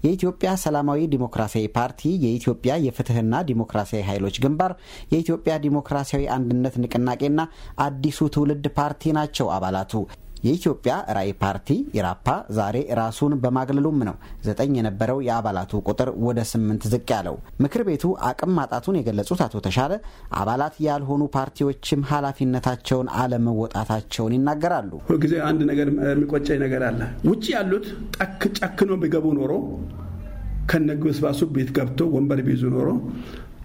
የኢትዮጵያ ሰላማዊ ዲሞክራሲያዊ ፓርቲ፣ የኢትዮጵያ የፍትህና ዲሞክራሲያዊ ኃይሎች ግንባር፣ የኢትዮጵያ ዲሞክራሲያዊ አንድነት ንቅናቄና አዲሱ ትውልድ ፓርቲ ናቸው አባላቱ። የኢትዮጵያ ራዕይ ፓርቲ ኢራፓ ዛሬ ራሱን በማግለሉም ነው ዘጠኝ የነበረው የአባላቱ ቁጥር ወደ ስምንት ዝቅ ያለው። ምክር ቤቱ አቅም ማጣቱን የገለጹት አቶ ተሻለ አባላት ያልሆኑ ፓርቲዎችም ኃላፊነታቸውን አለመወጣታቸውን ይናገራሉ። ሁልጊዜ አንድ ነገር የሚቆጨኝ ነገር አለ። ውጭ ያሉት ጠክ ጨክኖ ቢገቡ ኖሮ ከነግብስባሱ ቤት ገብቶ ወንበር ቢይዙ ኖሮ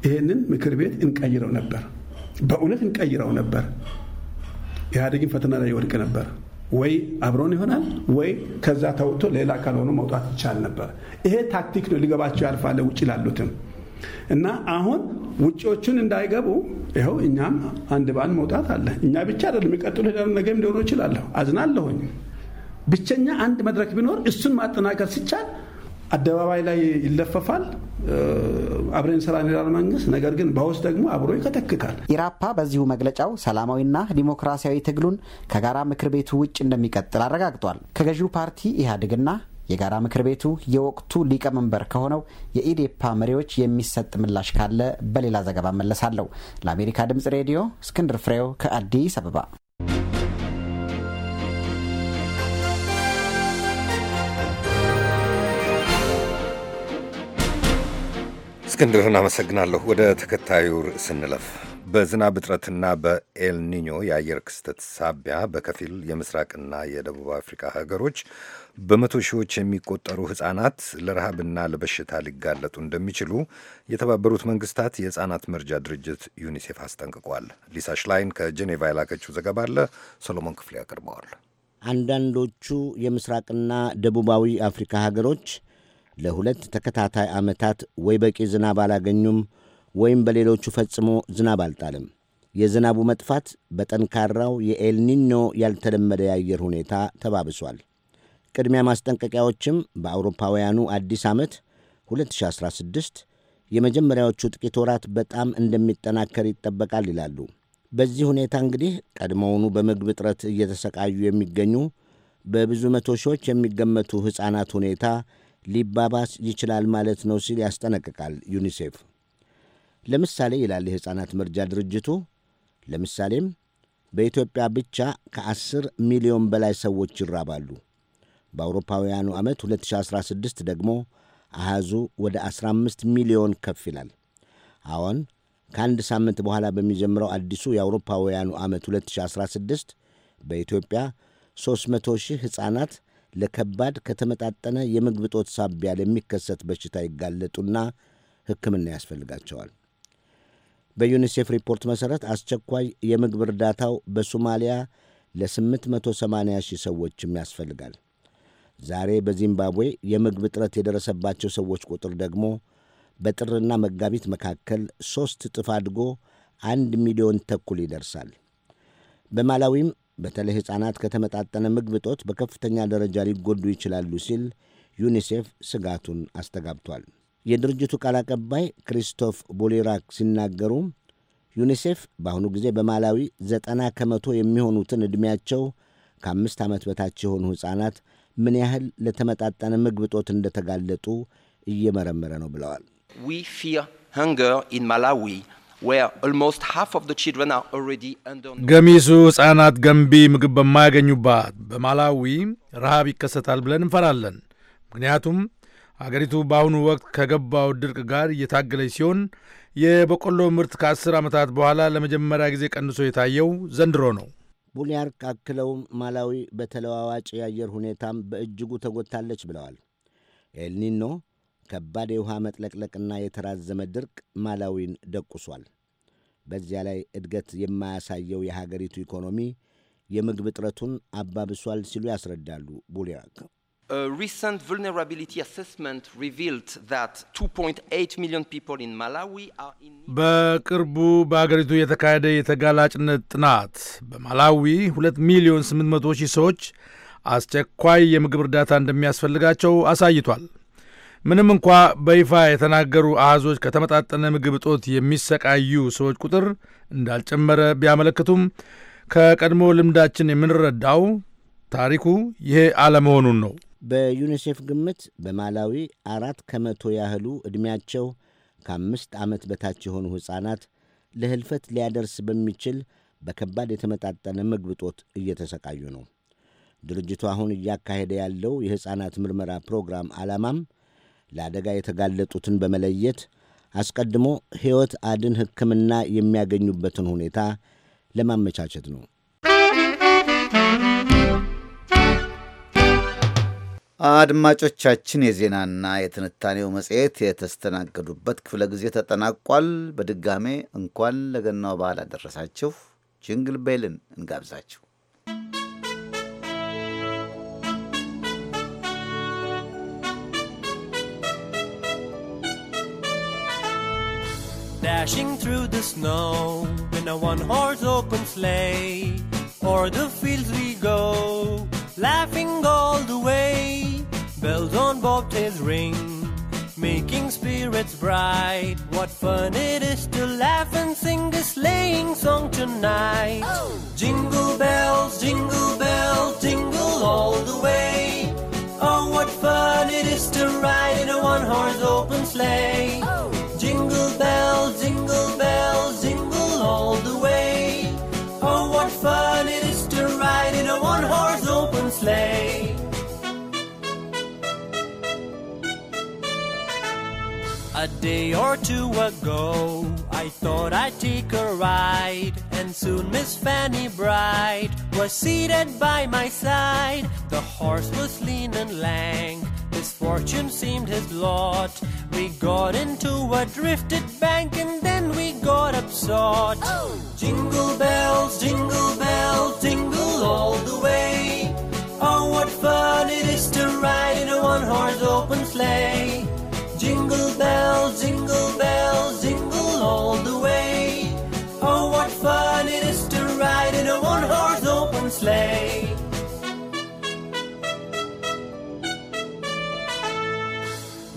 ይህንን ምክር ቤት እንቀይረው ነበር፣ በእውነት እንቀይረው ነበር። ኢህአዴግን ፈተና ላይ ይወድቅ ነበር። ወይ አብሮን ይሆናል ወይ ከዛ ተውቶ ሌላ ካልሆኑ መውጣት ይቻል ነበር። ይሄ ታክቲክ ነው ሊገባቸው ያልፋለ ውጭ ላሉትም እና አሁን ውጭዎቹን እንዳይገቡ ይኸው እኛም አንድ በአንድ መውጣት አለ። እኛ ብቻ አይደለም የሚቀጥሉ ሄዳ ነገም ሊሆኑ ይችላለሁ። አዝናለሁኝ። ብቸኛ አንድ መድረክ ቢኖር እሱን ማጠናከር ሲቻል አደባባይ ላይ ይለፈፋል። አብረን ስራ ይላል መንግስት። ነገር ግን በውስጥ ደግሞ አብሮ ይከተክታል። ኢራፓ በዚሁ መግለጫው ሰላማዊና ዲሞክራሲያዊ ትግሉን ከጋራ ምክር ቤቱ ውጭ እንደሚቀጥል አረጋግጧል። ከገዢው ፓርቲ ኢህአዴግና የጋራ ምክር ቤቱ የወቅቱ ሊቀመንበር ከሆነው የኢዴፓ መሪዎች የሚሰጥ ምላሽ ካለ በሌላ ዘገባ መለሳለሁ። ለአሜሪካ ድምጽ ሬዲዮ እስክንድር ፍሬው ከአዲስ አበባ እስክንድርን አመሰግናለሁ። ወደ ተከታዩ ርዕስ እንለፍ። በዝናብ እጥረትና በኤልኒኞ የአየር ክስተት ሳቢያ በከፊል የምስራቅና የደቡብ አፍሪካ ሀገሮች በመቶ ሺዎች የሚቆጠሩ ሕፃናት ለረሃብና ለበሽታ ሊጋለጡ እንደሚችሉ የተባበሩት መንግስታት የሕፃናት መርጃ ድርጅት ዩኒሴፍ አስጠንቅቋል። ሊሳ ሽላይን ከጄኔቫ የላከችው ዘገባ አለ። ሰሎሞን ክፍሌ ያቀርበዋል። አንዳንዶቹ የምስራቅና ደቡባዊ አፍሪካ ሀገሮች ለሁለት ተከታታይ ዓመታት ወይ በቂ ዝናብ አላገኙም ወይም በሌሎቹ ፈጽሞ ዝናብ አልጣልም። የዝናቡ መጥፋት በጠንካራው የኤልኒኖ ያልተለመደ የአየር ሁኔታ ተባብሷል። ቅድሚያ ማስጠንቀቂያዎችም በአውሮፓውያኑ አዲስ ዓመት 2016 የመጀመሪያዎቹ ጥቂት ወራት በጣም እንደሚጠናከር ይጠበቃል ይላሉ። በዚህ ሁኔታ እንግዲህ ቀድሞውኑ በምግብ እጥረት እየተሰቃዩ የሚገኙ በብዙ መቶ ሺዎች የሚገመቱ ሕፃናት ሁኔታ ሊባባስ ይችላል ማለት ነው ሲል ያስጠነቅቃል ዩኒሴፍ። ለምሳሌ ይላል የሕፃናት መርጃ ድርጅቱ፣ ለምሳሌም በኢትዮጵያ ብቻ ከ10 ሚሊዮን በላይ ሰዎች ይራባሉ። በአውሮፓውያኑ ዓመት 2016 ደግሞ አሃዙ ወደ 15 ሚሊዮን ከፍ ይላል። አዎን ከአንድ ሳምንት በኋላ በሚጀምረው አዲሱ የአውሮፓውያኑ ዓመት 2016 በኢትዮጵያ 300 ሺህ ሕፃናት ለከባድ ከተመጣጠነ የምግብ እጦት ሳቢያ ለሚከሰት በሽታ ይጋለጡና ሕክምና ያስፈልጋቸዋል። በዩኒሴፍ ሪፖርት መሠረት አስቸኳይ የምግብ እርዳታው በሶማሊያ ለ880 ሺህ ሰዎችም ያስፈልጋል። ዛሬ በዚምባብዌ የምግብ እጥረት የደረሰባቸው ሰዎች ቁጥር ደግሞ በጥርና መጋቢት መካከል ሦስት እጥፍ አድጎ አንድ ሚሊዮን ተኩል ይደርሳል። በማላዊም በተለይ ሕፃናት ከተመጣጠነ ምግብ እጦት በከፍተኛ ደረጃ ሊጎዱ ይችላሉ ሲል ዩኒሴፍ ስጋቱን አስተጋብቷል። የድርጅቱ ቃል አቀባይ ክሪስቶፍ ቦሊራክ ሲናገሩ ዩኒሴፍ በአሁኑ ጊዜ በማላዊ ዘጠና ከመቶ የሚሆኑትን ዕድሜያቸው ከአምስት ዓመት በታች የሆኑ ሕፃናት ምን ያህል ለተመጣጠነ ምግብ እጦት እንደተጋለጡ እየመረመረ ነው ብለዋል። ገሚሱ ሕፃናት ገንቢ ምግብ በማያገኙባት በማላዊ ረሃብ ይከሰታል ብለን እንፈራለን። ምክንያቱም አገሪቱ በአሁኑ ወቅት ከገባው ድርቅ ጋር እየታገለች ሲሆን የበቆሎ ምርት ከአስር ዓመታት በኋላ ለመጀመሪያ ጊዜ ቀንሶ የታየው ዘንድሮ ነው። ቡሊያርክ አክለውም ማላዊ በተለዋዋጭ የአየር ሁኔታም በእጅጉ ተጎድታለች ብለዋል። ኤልኒኖ ከባድ የውሃ መጥለቅለቅና የተራዘመ ድርቅ ማላዊን ደቁሷል። በዚያ ላይ እድገት የማያሳየው የሀገሪቱ ኢኮኖሚ የምግብ እጥረቱን አባብሷል ሲሉ ያስረዳሉ ቡሊያክ። በቅርቡ በአገሪቱ የተካሄደ የተጋላጭነት ጥናት በማላዊ 2 ሚሊዮን 800 ሺህ ሰዎች አስቸኳይ የምግብ እርዳታ እንደሚያስፈልጋቸው አሳይቷል። ምንም እንኳ በይፋ የተናገሩ አሃዞች ከተመጣጠነ ምግብ እጦት የሚሰቃዩ ሰዎች ቁጥር እንዳልጨመረ ቢያመለክቱም ከቀድሞ ልምዳችን የምንረዳው ታሪኩ ይሄ አለመሆኑን ነው። በዩኒሴፍ ግምት በማላዊ አራት ከመቶ ያህሉ ዕድሜያቸው ከአምስት ዓመት በታች የሆኑ ሕፃናት ለህልፈት ሊያደርስ በሚችል በከባድ የተመጣጠነ ምግብ እጦት እየተሰቃዩ ነው። ድርጅቱ አሁን እያካሄደ ያለው የሕፃናት ምርመራ ፕሮግራም ዓላማም ለአደጋ የተጋለጡትን በመለየት አስቀድሞ ሕይወት አድን ሕክምና የሚያገኙበትን ሁኔታ ለማመቻቸት ነው። አድማጮቻችን የዜናና የትንታኔው መጽሔት የተስተናገዱበት ክፍለ ጊዜ ተጠናቋል። በድጋሜ እንኳን ለገናው በዓል አደረሳችሁ። ጅንግል ቤልን እንጋብዛችሁ። dashing through the snow in a one horse open sleigh. O'er the fields we go, laughing all the way. Bells on bobtails ring, making spirits bright. What fun it is to laugh and sing a sleighing song tonight! Oh. Jingle bells, jingle bells, jingle all the way. Oh, what fun it is to ride in a one horse open sleigh! Oh bell, jingle bell, jingle all the way. Oh, what fun it is to ride in a one horse open sleigh. A day or two ago, I thought I'd take a ride, and soon Miss Fanny Bright was seated by my side. The horse was lean and lank misfortune seemed his lot. We got into a drifted bank and then we got upsot. Oh. Jingle bells, jingle bells, jingle all the way. Oh, what fun it is to ride in a one horse open sleigh. Jingle bells, jingle bells, jingle all the way.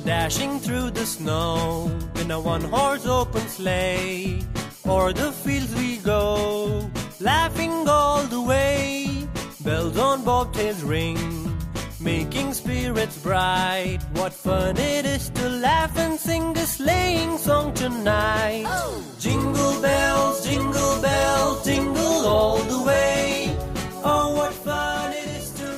Dashing through the snow in a one horse open sleigh. O'er the fields we go, laughing all the way. Bells on bobtails ring, making spirits bright. What fun it is to laugh and sing a sleighing song tonight. Oh. Jingle bells, jingle bells, jingle all the way. Oh, what fun it is!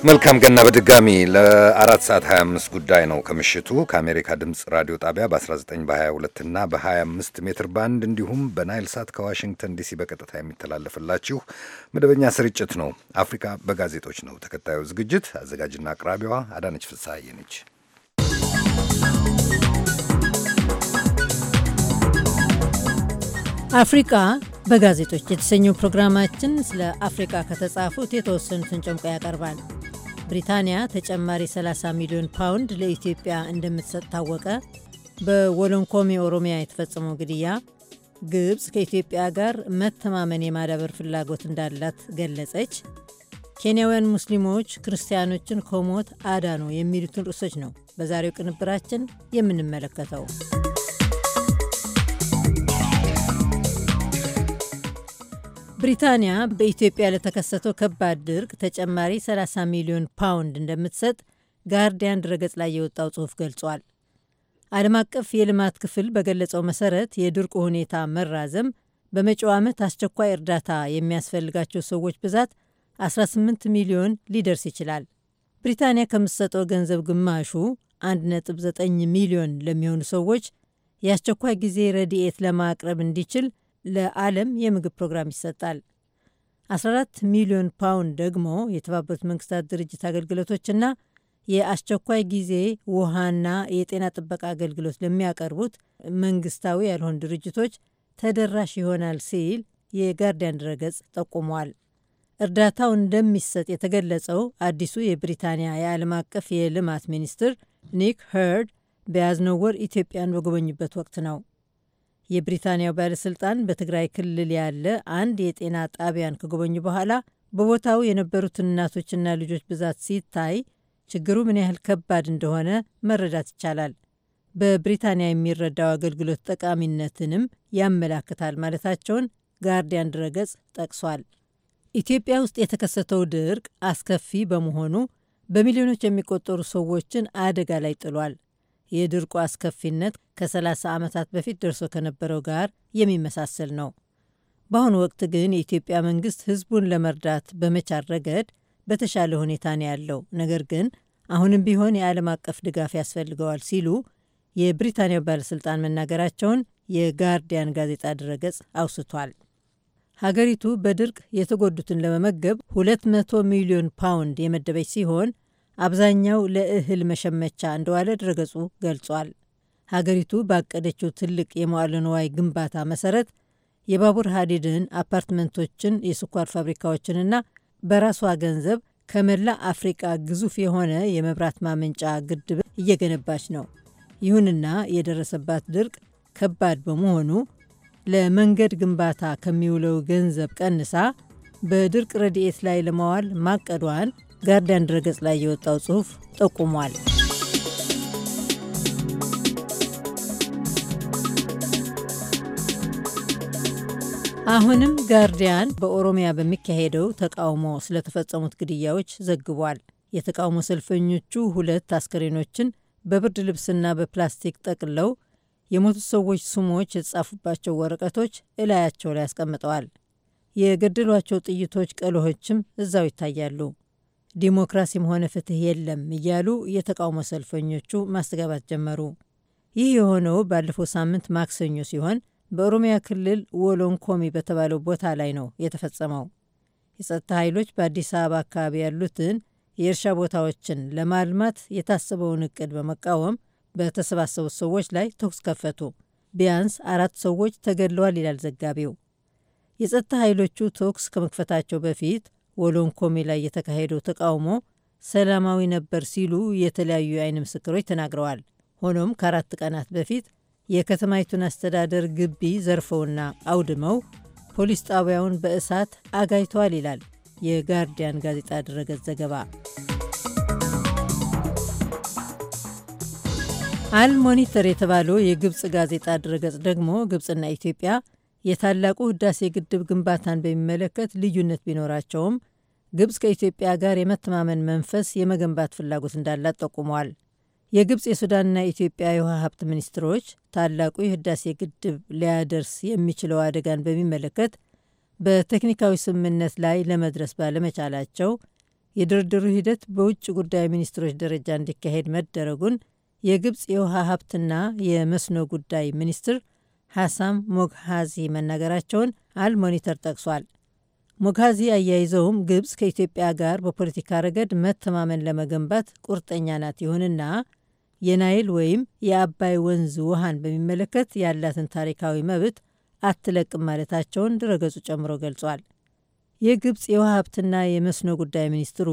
መልካም ገና በድጋሚ ለአራት ሰዓት 25 ጉዳይ ነው ከምሽቱ ከአሜሪካ ድምፅ ራዲዮ ጣቢያ በ19 በ22 እና በ25 ሜትር ባንድ እንዲሁም በናይል ሳት ከዋሽንግተን ዲሲ በቀጥታ የሚተላለፍላችሁ መደበኛ ስርጭት ነው። አፍሪካ በጋዜጦች ነው ተከታዩ ዝግጅት። አዘጋጅና አቅራቢዋ አዳነች ፍሳ ነች። አፍሪቃ በጋዜጦች የተሰኘው ፕሮግራማችን ስለ አፍሪቃ ከተጻፉት የተወሰኑትን ጨምቆ ያቀርባል። ብሪታንያ ተጨማሪ 30 ሚሊዮን ፓውንድ ለኢትዮጵያ እንደምትሰጥ ታወቀ፣ በወሎንኮሚ ኦሮሚያ የተፈጸመው ግድያ፣ ግብፅ ከኢትዮጵያ ጋር መተማመን የማዳበር ፍላጎት እንዳላት ገለጸች፣ ኬንያውያን ሙስሊሞች ክርስቲያኖችን ከሞት አዳኑ የሚሉትን ርዕሶች ነው በዛሬው ቅንብራችን የምንመለከተው። ብሪታንያ በኢትዮጵያ ለተከሰተው ከባድ ድርቅ ተጨማሪ 30 ሚሊዮን ፓውንድ እንደምትሰጥ ጋርዲያን ድረገጽ ላይ የወጣው ጽሑፍ ገልጿል። ዓለም አቀፍ የልማት ክፍል በገለጸው መሰረት የድርቁ ሁኔታ መራዘም በመጪው ዓመት አስቸኳይ እርዳታ የሚያስፈልጋቸው ሰዎች ብዛት 18 ሚሊዮን ሊደርስ ይችላል። ብሪታንያ ከምትሰጠው ገንዘብ ግማሹ 1.9 ሚሊዮን ለሚሆኑ ሰዎች የአስቸኳይ ጊዜ ረድኤት ለማቅረብ እንዲችል ለዓለም የምግብ ፕሮግራም ይሰጣል። 14 ሚሊዮን ፓውንድ ደግሞ የተባበሩት መንግስታት ድርጅት አገልግሎቶችና የአስቸኳይ ጊዜ ውሃና የጤና ጥበቃ አገልግሎት ለሚያቀርቡት መንግስታዊ ያልሆኑ ድርጅቶች ተደራሽ ይሆናል ሲል የጋርዲያን ድረገጽ ጠቁሟል። እርዳታው እንደሚሰጥ የተገለጸው አዲሱ የብሪታንያ የዓለም አቀፍ የልማት ሚኒስትር ኒክ ሄርድ በያዝነው ወር ኢትዮጵያን በጎበኙበት ወቅት ነው። የብሪታንያው ባለሥልጣን በትግራይ ክልል ያለ አንድ የጤና ጣቢያን ከጎበኙ በኋላ በቦታው የነበሩትን እናቶችና ልጆች ብዛት ሲታይ ችግሩ ምን ያህል ከባድ እንደሆነ መረዳት ይቻላል። በብሪታንያ የሚረዳው አገልግሎት ጠቃሚነትንም ያመላክታል ማለታቸውን ጋርዲያን ድረገጽ ጠቅሷል። ኢትዮጵያ ውስጥ የተከሰተው ድርቅ አስከፊ በመሆኑ በሚሊዮኖች የሚቆጠሩ ሰዎችን አደጋ ላይ ጥሏል። የድርቁ አስከፊነት ከ30 ዓመታት በፊት ደርሶ ከነበረው ጋር የሚመሳሰል ነው። በአሁኑ ወቅት ግን የኢትዮጵያ መንግስት ህዝቡን ለመርዳት በመቻል ረገድ በተሻለ ሁኔታ ነው ያለው። ነገር ግን አሁንም ቢሆን የዓለም አቀፍ ድጋፍ ያስፈልገዋል ሲሉ የብሪታንያው ባለሥልጣን መናገራቸውን የጋርዲያን ጋዜጣ ድረገጽ አውስቷል። ሀገሪቱ በድርቅ የተጎዱትን ለመመገብ 200 ሚሊዮን ፓውንድ የመደበች ሲሆን አብዛኛው ለእህል መሸመቻ እንደዋለ ድረገጹ ገልጿል። ሀገሪቱ ባቀደችው ትልቅ የመዋዕለ ንዋይ ግንባታ መሰረት የባቡር ሀዲድን፣ አፓርትመንቶችን፣ የስኳር ፋብሪካዎችንና በራሷ ገንዘብ ከመላ አፍሪቃ ግዙፍ የሆነ የመብራት ማመንጫ ግድብ እየገነባች ነው። ይሁንና የደረሰባት ድርቅ ከባድ በመሆኑ ለመንገድ ግንባታ ከሚውለው ገንዘብ ቀንሳ በድርቅ ረድኤት ላይ ለማዋል ማቀዷን ጋርዲያን ድረገጽ ላይ የወጣው ጽሑፍ ጠቁሟል። አሁንም ጋርዲያን በኦሮሚያ በሚካሄደው ተቃውሞ ስለተፈጸሙት ግድያዎች ዘግቧል። የተቃውሞ ሰልፈኞቹ ሁለት አስከሬኖችን በብርድ ልብስና በፕላስቲክ ጠቅለው የሞቱት ሰዎች ስሞች የተጻፉባቸው ወረቀቶች እላያቸው ላይ አስቀምጠዋል። የገደሏቸው ጥይቶች ቀለሆችም እዛው ይታያሉ። ዲሞክራሲም ሆነ ፍትህ የለም እያሉ የተቃውሞ ሰልፈኞቹ ማስተጋባት ጀመሩ። ይህ የሆነው ባለፈው ሳምንት ማክሰኞ ሲሆን በኦሮሚያ ክልል ወሎንኮሚ በተባለው ቦታ ላይ ነው የተፈጸመው። የጸጥታ ኃይሎች በአዲስ አበባ አካባቢ ያሉትን የእርሻ ቦታዎችን ለማልማት የታሰበውን እቅድ በመቃወም በተሰባሰቡት ሰዎች ላይ ተኩስ ከፈቱ። ቢያንስ አራት ሰዎች ተገድለዋል ይላል ዘጋቢው። የጸጥታ ኃይሎቹ ተኩስ ከመክፈታቸው በፊት ወሎንኮሜ ላይ የተካሄደው ተቃውሞ ሰላማዊ ነበር ሲሉ የተለያዩ የአይን ምስክሮች ተናግረዋል። ሆኖም ከአራት ቀናት በፊት የከተማይቱን አስተዳደር ግቢ ዘርፈውና አውድመው ፖሊስ ጣቢያውን በእሳት አጋይተዋል ይላል የጋርዲያን ጋዜጣ ድረገጽ ዘገባ። አልሞኒተር የተባለው የግብፅ ጋዜጣ ድረገጽ ደግሞ ግብፅና ኢትዮጵያ የታላቁ ህዳሴ ግድብ ግንባታን በሚመለከት ልዩነት ቢኖራቸውም ግብፅ ከኢትዮጵያ ጋር የመተማመን መንፈስ የመገንባት ፍላጎት እንዳላት ጠቁመዋል። የግብፅ የሱዳንና የኢትዮጵያ የውሃ ሀብት ሚኒስትሮች ታላቁ የህዳሴ ግድብ ሊያደርስ የሚችለው አደጋን በሚመለከት በቴክኒካዊ ስምምነት ላይ ለመድረስ ባለመቻላቸው የድርድሩ ሂደት በውጭ ጉዳይ ሚኒስትሮች ደረጃ እንዲካሄድ መደረጉን የግብፅ የውሃ ሀብትና የመስኖ ጉዳይ ሚኒስትር ሐሳም ሞግሃዚ መናገራቸውን አል ሞኒተር ጠቅሷል። ሞግሃዚ አያይዘውም ግብፅ ከኢትዮጵያ ጋር በፖለቲካ ረገድ መተማመን ለመገንባት ቁርጠኛ ናት፣ ይሁንና የናይል ወይም የአባይ ወንዝ ውሃን በሚመለከት ያላትን ታሪካዊ መብት አትለቅም ማለታቸውን ድረገጹ ጨምሮ ገልጿል። የግብፅ የውሃ ሀብትና የመስኖ ጉዳይ ሚኒስትሩ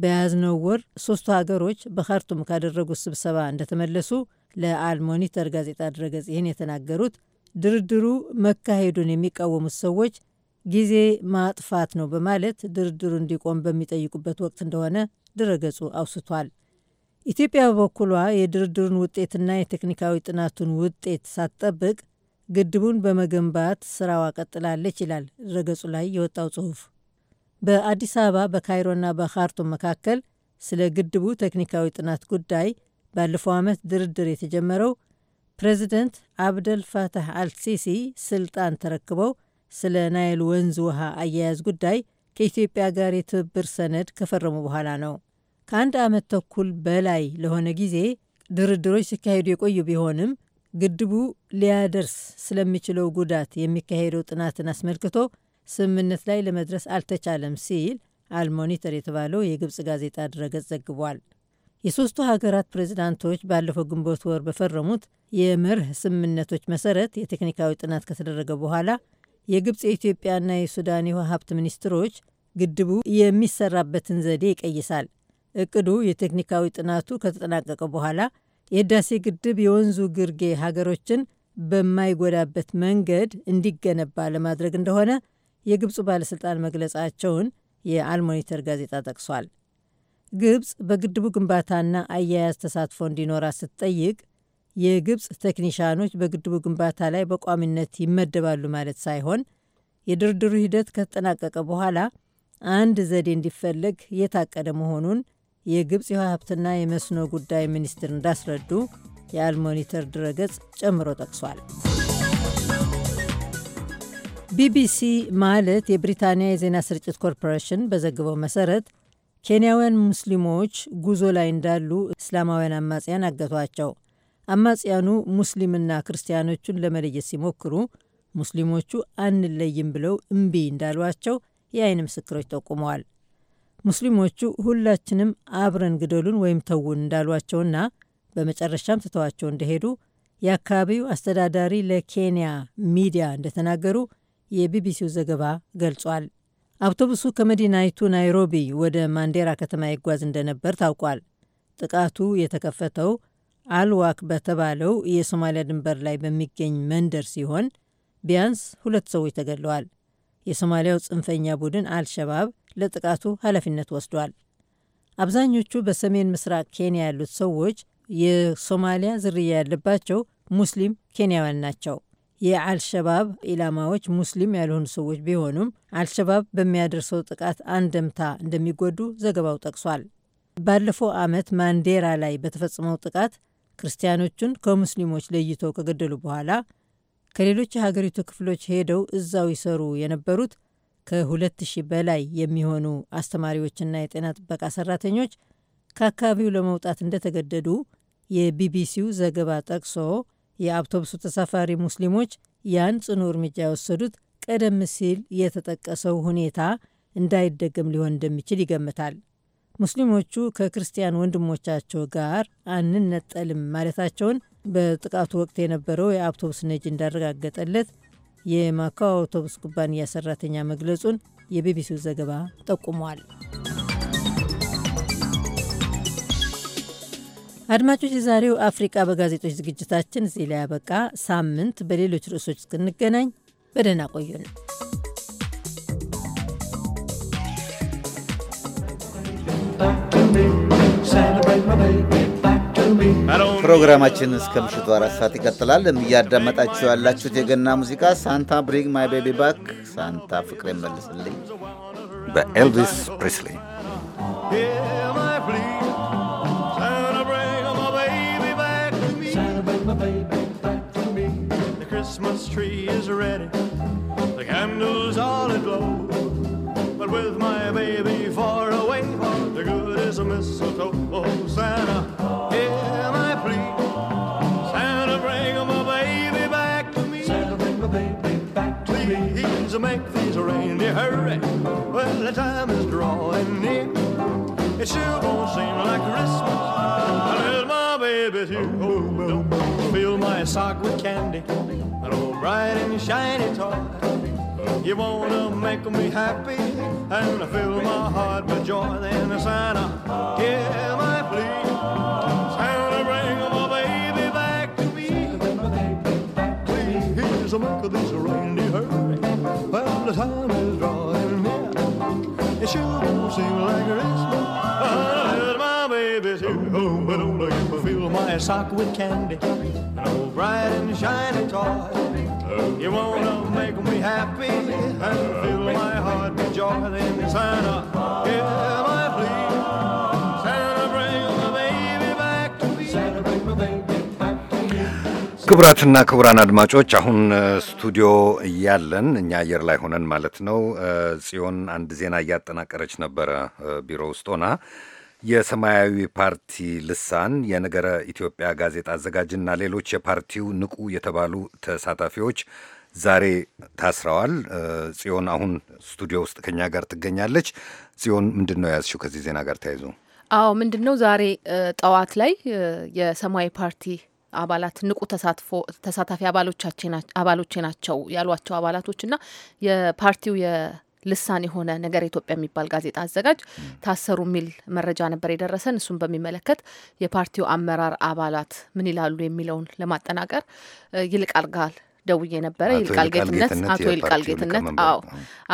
በያዝነው ወር ሶስቱ ሀገሮች በካርቱም ካደረጉት ስብሰባ እንደተመለሱ ለአልሞኒተር ጋዜጣ ድረገጽ ይህን የተናገሩት ድርድሩ መካሄዱን የሚቃወሙት ሰዎች ጊዜ ማጥፋት ነው በማለት ድርድሩ እንዲቆም በሚጠይቁበት ወቅት እንደሆነ ድረገጹ አውስቷል። ኢትዮጵያ በበኩሏ የድርድሩን ውጤትና የቴክኒካዊ ጥናቱን ውጤት ሳትጠብቅ ግድቡን በመገንባት ስራዋ ቀጥላለች ይላል ድረገጹ ላይ የወጣው ጽሑፍ። በአዲስ አበባ በካይሮና በካርቱም መካከል ስለ ግድቡ ቴክኒካዊ ጥናት ጉዳይ ባለፈው ዓመት ድርድር የተጀመረው ፕሬዚደንት አብደል ፋታህ አልሲሲ ስልጣን ተረክበው ስለ ናይል ወንዝ ውሃ አያያዝ ጉዳይ ከኢትዮጵያ ጋር የትብብር ሰነድ ከፈረሙ በኋላ ነው። ከአንድ ዓመት ተኩል በላይ ለሆነ ጊዜ ድርድሮች ሲካሄዱ የቆዩ ቢሆንም ግድቡ ሊያደርስ ስለሚችለው ጉዳት የሚካሄደው ጥናትን አስመልክቶ ስምምነት ላይ ለመድረስ አልተቻለም ሲል አልሞኒተር የተባለው የግብፅ ጋዜጣ ድረገጽ ዘግቧል። የሦስቱ ሀገራት ፕሬዚዳንቶች ባለፈው ግንቦት ወር በፈረሙት የመርህ ስምምነቶች መሰረት የቴክኒካዊ ጥናት ከተደረገ በኋላ የግብፅ የኢትዮጵያና የሱዳን የውሃ ሀብት ሚኒስትሮች ግድቡ የሚሰራበትን ዘዴ ይቀይሳል። እቅዱ የቴክኒካዊ ጥናቱ ከተጠናቀቀ በኋላ የህዳሴ ግድብ የወንዙ ግርጌ ሀገሮችን በማይጎዳበት መንገድ እንዲገነባ ለማድረግ እንደሆነ የግብፁ ባለሥልጣን መግለጻቸውን የአልሞኒተር ጋዜጣ ጠቅሷል። ግብፅ በግድቡ ግንባታና አያያዝ ተሳትፎ እንዲኖራ ስትጠይቅ የግብፅ ቴክኒሽያኖች በግድቡ ግንባታ ላይ በቋሚነት ይመደባሉ ማለት ሳይሆን የድርድሩ ሂደት ከተጠናቀቀ በኋላ አንድ ዘዴ እንዲፈለግ የታቀደ መሆኑን የግብፅ የውሃ ሀብትና የመስኖ ጉዳይ ሚኒስትር እንዳስረዱ የአልሞኒተር ድረገጽ ጨምሮ ጠቅሷል። ቢቢሲ ማለት የብሪታንያ የዜና ስርጭት ኮርፖሬሽን በዘግበው መሰረት ኬንያውያን ሙስሊሞች ጉዞ ላይ እንዳሉ እስላማውያን አማጽያን አገቷቸው። አማጽያኑ ሙስሊምና ክርስቲያኖቹን ለመለየት ሲሞክሩ ሙስሊሞቹ አንለይም ብለው እምቢ እንዳሏቸው የአይን ምስክሮች ጠቁመዋል። ሙስሊሞቹ ሁላችንም አብረን ግደሉን ወይም ተውን እንዳሏቸውና በመጨረሻም ትተዋቸው እንደሄዱ የአካባቢው አስተዳዳሪ ለኬንያ ሚዲያ እንደተናገሩ የቢቢሲው ዘገባ ገልጿል። አውቶቡሱ ከመዲናይቱ ናይሮቢ ወደ ማንዴራ ከተማ ይጓዝ እንደነበር ታውቋል። ጥቃቱ የተከፈተው አልዋክ በተባለው የሶማሊያ ድንበር ላይ በሚገኝ መንደር ሲሆን ቢያንስ ሁለት ሰዎች ተገድለዋል። የሶማሊያው ጽንፈኛ ቡድን አልሸባብ ለጥቃቱ ኃላፊነት ወስዷል። አብዛኞቹ በሰሜን ምስራቅ ኬንያ ያሉት ሰዎች የሶማሊያ ዝርያ ያለባቸው ሙስሊም ኬንያውያን ናቸው። የአልሸባብ ኢላማዎች ሙስሊም ያልሆኑ ሰዎች ቢሆኑም አልሸባብ በሚያደርሰው ጥቃት አንደምታ እንደሚጎዱ ዘገባው ጠቅሷል። ባለፈው ዓመት ማንዴራ ላይ በተፈጸመው ጥቃት ክርስቲያኖቹን ከሙስሊሞች ለይተው ከገደሉ በኋላ ከሌሎች የሀገሪቱ ክፍሎች ሄደው እዛው ይሰሩ የነበሩት ከ2000 በላይ የሚሆኑ አስተማሪዎችና የጤና ጥበቃ ሰራተኞች ከአካባቢው ለመውጣት እንደተገደዱ የቢቢሲው ዘገባ ጠቅሶ የአውቶቡሱ ተሳፋሪ ሙስሊሞች ያን ጽኑ እርምጃ የወሰዱት ቀደም ሲል የተጠቀሰው ሁኔታ እንዳይደገም ሊሆን እንደሚችል ይገምታል። ሙስሊሞቹ ከክርስቲያን ወንድሞቻቸው ጋር አንነጠልም ማለታቸውን በጥቃቱ ወቅት የነበረው የአውቶቡስ ነጂ እንዳረጋገጠለት የማካው አውቶቡስ ኩባንያ ሰራተኛ መግለጹን የቢቢሲው ዘገባ ጠቁሟል። አድማጮች፣ የዛሬው አፍሪቃ በጋዜጦች ዝግጅታችን እዚህ ላይ ያበቃ። ሳምንት በሌሎች ርዕሶች እስክንገናኝ በደህና ቆዩን። ፕሮግራማችን እስከ ምሽቱ አራት ሰዓት ይቀጥላል። እያዳመጣችሁ ያላችሁት የገና ሙዚቃ ሳንታ ብሪንግ ማይ ቤቢ ባክ፣ ሳንታ ፍቅሬ መልስልኝ በኤልቪስ ፕሪስሊ Christmas tree is ready, the candles all aglow. But with my baby far away, the good is a mistletoe. Oh, Santa, hear my plea. Santa, bring my baby back to me. Santa, bring my baby back to Please, me. Please make these reindeer hurry. Well, the time is drawing near. It sure won't seem like Christmas until my baby's here. Oh, oh, well, fill my sock with candy little bright and shiny toy. You wanna make me happy and fill my heart with joy. Then a Santa, give my plea. Santa, bring my baby back to me. Please make this reindeer hurry. Well, the time is drawing near. It sure won't seem like Christmas. baby too. Oh, but don't I you fill my sock with candy? An old bright and shiny toy. You wanna make me happy and fill my heart with joy? Then Santa, give my plea. ክቡራትና ክቡራን አድማጮች አሁን ስቱዲዮ እያለን እኛ አየር ላይ ሆነን ማለት ነው። ጽዮን አንድ ዜና እያጠናቀረች ነበረ ቢሮ ውስጥ ሆና የሰማያዊ ፓርቲ ልሳን የነገረ ኢትዮጵያ ጋዜጣ አዘጋጅና ሌሎች የፓርቲው ንቁ የተባሉ ተሳታፊዎች ዛሬ ታስረዋል። ጽዮን አሁን ስቱዲዮ ውስጥ ከኛ ጋር ትገኛለች። ጽዮን ምንድን ነው የያዝሽው ከዚህ ዜና ጋር ተያይዞ? አዎ ምንድን ነው ዛሬ ጠዋት ላይ የሰማያዊ ፓርቲ አባላት ንቁ ተሳትፎ ተሳታፊ አባሎቻችን አባሎቼ ናቸው ያሏቸው አባላቶችና የፓርቲው ልሳን የሆነ ነገር ኢትዮጵያ የሚባል ጋዜጣ አዘጋጅ ታሰሩ የሚል መረጃ ነበር የደረሰን። እሱን በሚመለከት የፓርቲው አመራር አባላት ምን ይላሉ የሚለውን ለማጠናቀር ይልቃል ጋል ደውዬ ነበረ። ይልቃል ጌትነት አቶ ይልቃል ጌትነት አዎ፣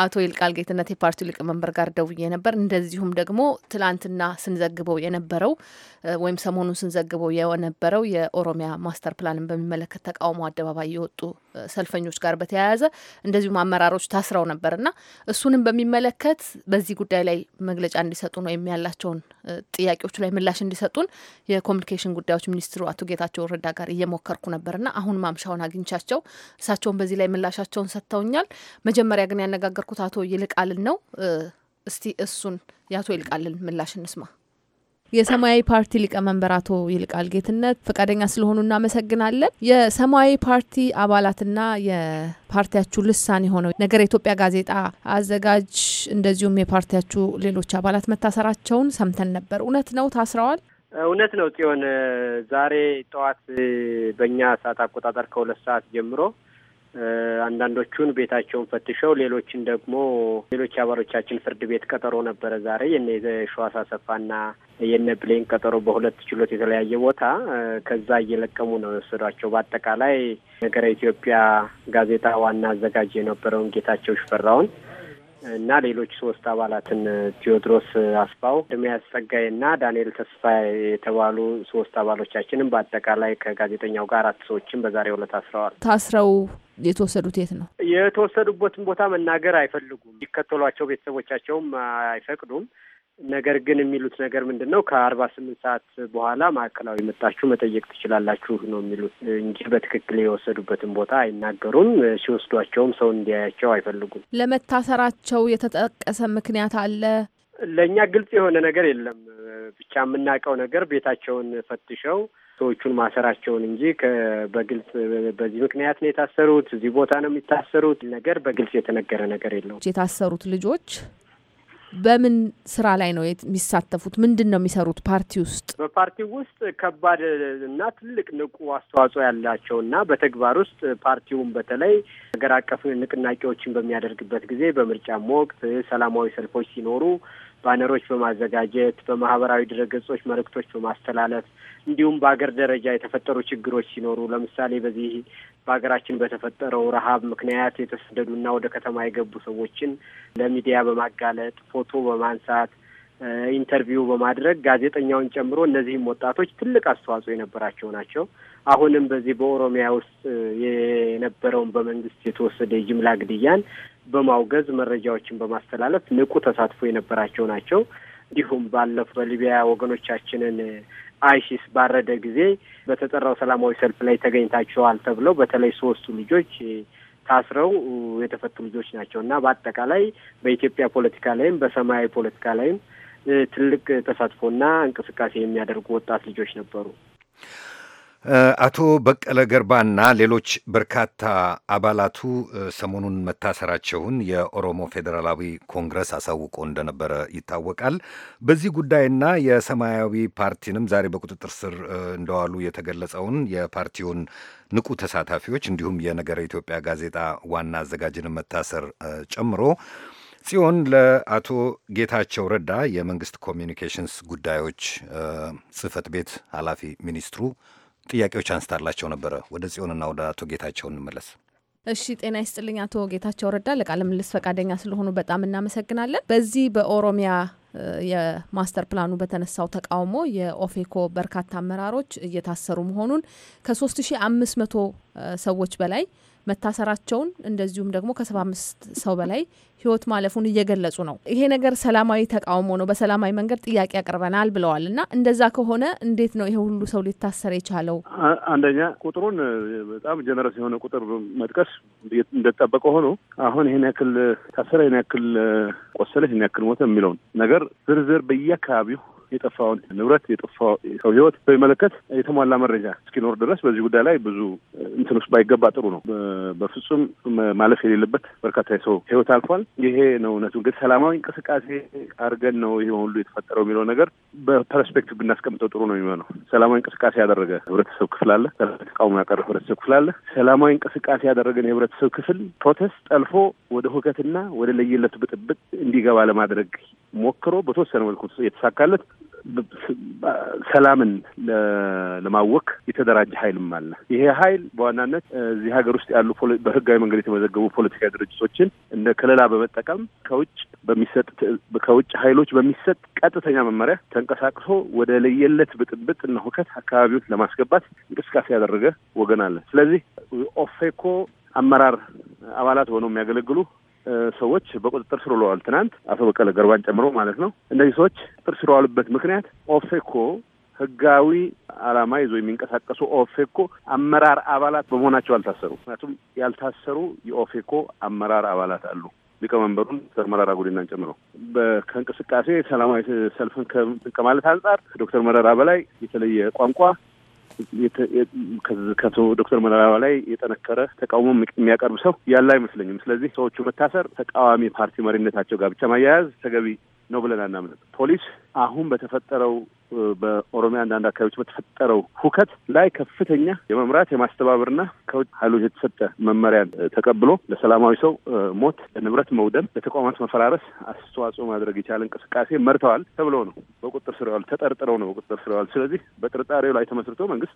አቶ ይልቃል ጌትነት የፓርቲው ሊቀመንበር ጋር ደውዬ ነበር። እንደዚሁም ደግሞ ትላንትና ስንዘግበው የነበረው ወይም ሰሞኑን ስንዘግበው የነበረው የኦሮሚያ ማስተር ፕላንን በሚመለከት ተቃውሞ አደባባይ የወጡ ሰልፈኞች ጋር በተያያዘ እንደዚሁም አመራሮች ታስረው ነበር እና እሱንም በሚመለከት በዚህ ጉዳይ ላይ መግለጫ እንዲሰጡን ወይም ያላቸውን ጥያቄዎቹ ላይ ምላሽ እንዲሰጡን የኮሚኒኬሽን ጉዳዮች ሚኒስትሩ አቶ ጌታቸው ረዳ ጋር እየሞከርኩ ነበርና አሁን ማምሻውን አግኝቻቸው እሳቸውን በዚህ ላይ ምላሻቸውን ሰጥተውኛል። መጀመሪያ ግን ያነጋገርኩት አቶ ይልቃልን ነው። እስቲ እሱን የአቶ ይልቃልን ምላሽ እንስማ። የሰማያዊ ፓርቲ ሊቀመንበር አቶ ይልቃል ጌትነት ፈቃደኛ ስለሆኑ እናመሰግናለን። የሰማያዊ ፓርቲ አባላትና የፓርቲያችሁ ልሳን የሆነው ነገር የኢትዮጵያ ጋዜጣ አዘጋጅ እንደዚሁም የፓርቲያችሁ ሌሎች አባላት መታሰራቸውን ሰምተን ነበር። እውነት ነው? ታስረዋል? እውነት ነው ጽዮን። ዛሬ ጠዋት በእኛ ሰዓት አቆጣጠር ከሁለት ሰዓት ጀምሮ አንዳንዶቹን ቤታቸውን ፈትሸው ሌሎችን ደግሞ ሌሎች አባሎቻችን ፍርድ ቤት ቀጠሮ ነበረ ዛሬ የነ የሸዋስ አሰፋና የነ ብሌን ቀጠሮ በሁለት ችሎት የተለያየ ቦታ ከዛ እየለቀሙ ነው የወሰዷቸው። በአጠቃላይ ነገረ ኢትዮጵያ ጋዜጣ ዋና አዘጋጅ የነበረውን ጌታቸው ሽፈራውን እና ሌሎች ሶስት አባላትን ቴዎድሮስ አስፋው፣ ድሚያስ ጸጋይ እና ዳንኤል ተስፋ የተባሉ ሶስት አባሎቻችንም በአጠቃላይ ከጋዜጠኛው ጋር አራት ሰዎችም በዛሬው ዕለት አስረዋል። ታስረው የተወሰዱት የት ነው? የተወሰዱበትን ቦታ መናገር አይፈልጉም። ሊከተሏቸው ቤተሰቦቻቸውም አይፈቅዱም። ነገር ግን የሚሉት ነገር ምንድን ነው? ከአርባ ስምንት ሰዓት በኋላ ማዕከላዊ መጣችሁ መጠየቅ ትችላላችሁ ነው የሚሉት እንጂ በትክክል የወሰዱበትን ቦታ አይናገሩም። ሲወስዷቸውም ሰው እንዲያያቸው አይፈልጉም። ለመታሰራቸው የተጠቀሰ ምክንያት አለ? ለእኛ ግልጽ የሆነ ነገር የለም። ብቻ የምናውቀው ነገር ቤታቸውን ፈትሸው ሰዎቹን ማሰራቸውን እንጂ በግልጽ በዚህ ምክንያት ነው የታሰሩት፣ እዚህ ቦታ ነው የሚታሰሩት ነገር በግልጽ የተነገረ ነገር የለውም። የታሰሩት ልጆች በምን ስራ ላይ ነው የሚሳተፉት? ምንድን ነው የሚሰሩት? ፓርቲ ውስጥ በፓርቲ ውስጥ ከባድ እና ትልቅ ንቁ አስተዋጽኦ ያላቸው እና በተግባር ውስጥ ፓርቲውን በተለይ ሀገር አቀፍ ንቅናቄዎችን በሚያደርግበት ጊዜ በምርጫም ወቅት ሰላማዊ ሰልፎች ሲኖሩ ባነሮች በማዘጋጀት በማህበራዊ ድረገጾች መልእክቶች በማስተላለፍ እንዲሁም በሀገር ደረጃ የተፈጠሩ ችግሮች ሲኖሩ ለምሳሌ በዚህ በሀገራችን በተፈጠረው ረሀብ ምክንያት የተሰደዱና ወደ ከተማ የገቡ ሰዎችን ለሚዲያ በማጋለጥ ፎቶ በማንሳት ኢንተርቪው በማድረግ ጋዜጠኛውን ጨምሮ እነዚህም ወጣቶች ትልቅ አስተዋጽኦ የነበራቸው ናቸው። አሁንም በዚህ በኦሮሚያ ውስጥ የነበረውን በመንግስት የተወሰደ የጅምላ ግድያን በማውገዝ መረጃዎችን በማስተላለፍ ንቁ ተሳትፎ የነበራቸው ናቸው። እንዲሁም ባለፉ በሊቢያ ወገኖቻችንን አይሲስ ባረደ ጊዜ በተጠራው ሰላማዊ ሰልፍ ላይ ተገኝታቸዋል ተብለው በተለይ ሶስቱ ልጆች ታስረው የተፈቱ ልጆች ናቸው እና በአጠቃላይ በኢትዮጵያ ፖለቲካ ላይም በሰማያዊ ፖለቲካ ላይም ትልቅ ተሳትፎና እንቅስቃሴ የሚያደርጉ ወጣት ልጆች ነበሩ። አቶ በቀለ ገርባና ሌሎች በርካታ አባላቱ ሰሞኑን መታሰራቸውን የኦሮሞ ፌዴራላዊ ኮንግረስ አሳውቆ እንደነበረ ይታወቃል። በዚህ ጉዳይና የሰማያዊ ፓርቲንም ዛሬ በቁጥጥር ስር እንደዋሉ የተገለጸውን የፓርቲውን ንቁ ተሳታፊዎች እንዲሁም የነገረ ኢትዮጵያ ጋዜጣ ዋና አዘጋጅንም መታሰር ጨምሮ ጽዮን ለአቶ ጌታቸው ረዳ የመንግስት ኮሚኒኬሽንስ ጉዳዮች ጽህፈት ቤት ኃላፊ ሚኒስትሩ ጥያቄዎች አንስታላቸው ነበረ። ወደ ጽዮንና ወደ አቶ ጌታቸው እንመለስ። እሺ ጤና ይስጥልኝ አቶ ጌታቸው ረዳ፣ ለቃለ ምልልስ ፈቃደኛ ስለሆኑ በጣም እናመሰግናለን። በዚህ በኦሮሚያ የማስተር ፕላኑ በተነሳው ተቃውሞ የኦፌኮ በርካታ አመራሮች እየታሰሩ መሆኑን ከ3500 ሰዎች በላይ መታሰራቸውን እንደዚሁም ደግሞ ከ75 ሰው በላይ ህይወት ማለፉን እየገለጹ ነው። ይሄ ነገር ሰላማዊ ተቃውሞ ነው፣ በሰላማዊ መንገድ ጥያቄ ያቀርበናል ብለዋል። እና እንደዛ ከሆነ እንዴት ነው ይሄ ሁሉ ሰው ሊታሰር የቻለው? አንደኛ ቁጥሩን በጣም ጀነረስ የሆነ ቁጥር መጥቀስ እንደጠበቀ ሆኖ አሁን ይሄን ያክል ታሰረ፣ ይሄን ያክል ቆሰለ፣ ይሄን ያክል ሞተ የሚለውን ነገር ዝርዝር በየአካባቢው የጠፋውን ንብረት የጠፋው ሰው ህይወት በሚመለከት የተሟላ መረጃ እስኪኖር ድረስ በዚህ ጉዳይ ላይ ብዙ እንትን ውስጥ ባይገባ ጥሩ ነው። በፍጹም ማለፍ የሌለበት በርካታ የሰው ህይወት አልፏል። ይሄ ነው እውነቱ። ግን ሰላማዊ እንቅስቃሴ አድርገን ነው ይሄ ሁሉ የተፈጠረው የሚለው ነገር በፐርስፔክቲቭ ብናስቀምጠው ጥሩ ነው የሚሆነው። ሰላማዊ እንቅስቃሴ ያደረገ ህብረተሰብ ክፍል አለ። ተቃውሞ ያቀረበ ህብረተሰብ ክፍል አለ። ሰላማዊ እንቅስቃሴ ያደረገን የህብረተሰብ ክፍል ፕሮቴስት ጠልፎ ወደ ሁከትና ወደ ለየለት ብጥብጥ እንዲገባ ለማድረግ ሞክሮ በተወሰነ መልኩ የተሳካለት ሰላምን ለማወክ የተደራጀ ኃይልም አለ። ይሄ ሀይል በዋናነት እዚህ ሀገር ውስጥ ያሉ በህጋዊ መንገድ የተመዘገቡ ፖለቲካዊ ድርጅቶችን እንደ ከለላ በመጠቀም ከውጭ በሚሰጥ ከውጭ ሀይሎች በሚሰጥ ቀጥተኛ መመሪያ ተንቀሳቅሶ ወደ ለየለት ብጥብጥ እና ሁከት አካባቢውን ለማስገባት እንቅስቃሴ ያደረገ ወገን አለ። ስለዚህ ኦፌኮ አመራር አባላት ሆነው የሚያገለግሉ ሰዎች በቁጥጥር ስር ውለዋል። ትናንት አቶ በቀለ ገርባን ጨምሮ ማለት ነው። እነዚህ ሰዎች ቁጥጥር ስር ዋሉበት ምክንያት ኦፌኮ ህጋዊ ዓላማ ይዞ የሚንቀሳቀሱ ኦፌኮ አመራር አባላት በመሆናቸው አልታሰሩ። ምክንያቱም ያልታሰሩ የኦፌኮ አመራር አባላት አሉ ሊቀመንበሩን ዶክተር መረራ ጉዲናን ጨምሮ ከእንቅስቃሴ ሰላማዊ ሰልፍን ከማለት አንጻር ዶክተር መረራ በላይ የተለየ ቋንቋ ከቶ ዶክተር መረራ ላይ የጠነከረ ተቃውሞ የሚያቀርብ ሰው ያለ አይመስለኝም። ስለዚህ ሰዎቹ መታሰር ተቃዋሚ ፓርቲ መሪነታቸው ጋር ብቻ ማያያዝ ተገቢ ነው ብለን አናምንም። ፖሊስ አሁን በተፈጠረው በኦሮሚያ አንዳንድ አካባቢዎች በተፈጠረው ሁከት ላይ ከፍተኛ የመምራት የማስተባበርና ከውጭ ኃይሎች የተሰጠ መመሪያን ተቀብሎ ለሰላማዊ ሰው ሞት፣ ለንብረት መውደም፣ ለተቋማት መፈራረስ አስተዋጽኦ ማድረግ የቻለ እንቅስቃሴ መርተዋል ተብሎ ነው በቁጥር ስር ተጠርጥረው ነው በቁጥር ስር ስለዚህ በጥርጣሬው ላይ ተመስርቶ መንግስት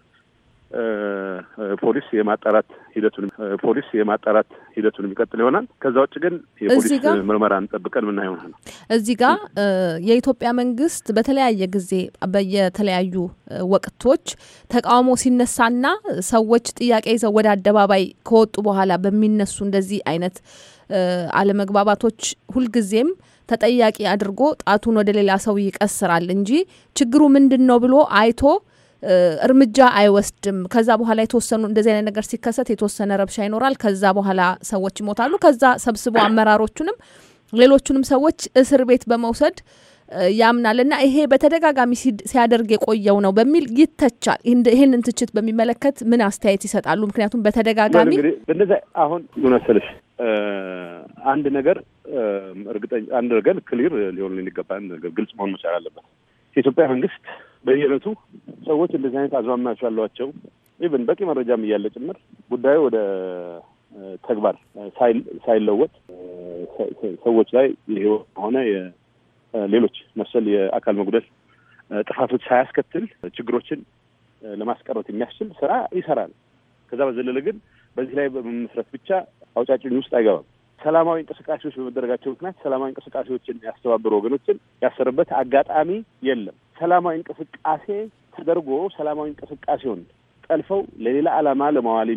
ፖሊስ የማጣራት ሂደቱን ፖሊስ የማጣራት ሂደቱን የሚቀጥል ይሆናል። ከዛ ውጭ ግን የፖሊስ ምርመራ እንጠብቀን ምና ይሆናል። እዚህ ጋር የኢትዮጵያ መንግስት በተለያየ ጊዜ በየተለያዩ ወቅቶች ተቃውሞ ሲነሳና ሰዎች ጥያቄ ይዘው ወደ አደባባይ ከወጡ በኋላ በሚነሱ እንደዚህ አይነት አለመግባባቶች ሁልጊዜም ተጠያቂ አድርጎ ጣቱን ወደ ሌላ ሰው ይቀስራል እንጂ ችግሩ ምንድን ነው ብሎ አይቶ እርምጃ አይወስድም። ከዛ በኋላ የተወሰኑ እንደዚህ አይነት ነገር ሲከሰት የተወሰነ ረብሻ ይኖራል። ከዛ በኋላ ሰዎች ይሞታሉ። ከዛ ሰብስቦ አመራሮቹንም ሌሎቹንም ሰዎች እስር ቤት በመውሰድ ያምናል እና ይሄ በተደጋጋሚ ሲያደርግ የቆየው ነው በሚል ይተቻል። ይህንን ትችት በሚመለከት ምን አስተያየት ይሰጣሉ? ምክንያቱም በተደጋጋሚ አሁን መሰለሽ አንድ ነገር እርግጠኛ አንድ ነገር ክሊር ሊሆን ሊገባ ነገር ግልጽ መሆን መቻል አለበት። የኢትዮጵያ መንግስት በየዕለቱ ሰዎች እንደዚህ አይነት አዝማሚያዎች ያሏቸው ኢቨን በቂ መረጃም እያለ ጭምር ጉዳዩ ወደ ተግባር ሳይለወጥ ሰዎች ላይ የህይወት ሆነ ሌሎች መሰል የአካል መጉደል ጥፋቶች ሳያስከትል ችግሮችን ለማስቀረት የሚያስችል ስራ ይሰራል። ከዛ በዘለለ ግን በዚህ ላይ በመመስረት ብቻ አውጫጭኝ ውስጥ አይገባም። ሰላማዊ እንቅስቃሴዎች በመደረጋቸው ምክንያት ሰላማዊ እንቅስቃሴዎችን ያስተባበሩ ወገኖችን ያሰርበት አጋጣሚ የለም። ሰላማዊ እንቅስቃሴ ተደርጎ ሰላማዊ እንቅስቃሴውን ጠልፈው ለሌላ ዓላማ ለማዋል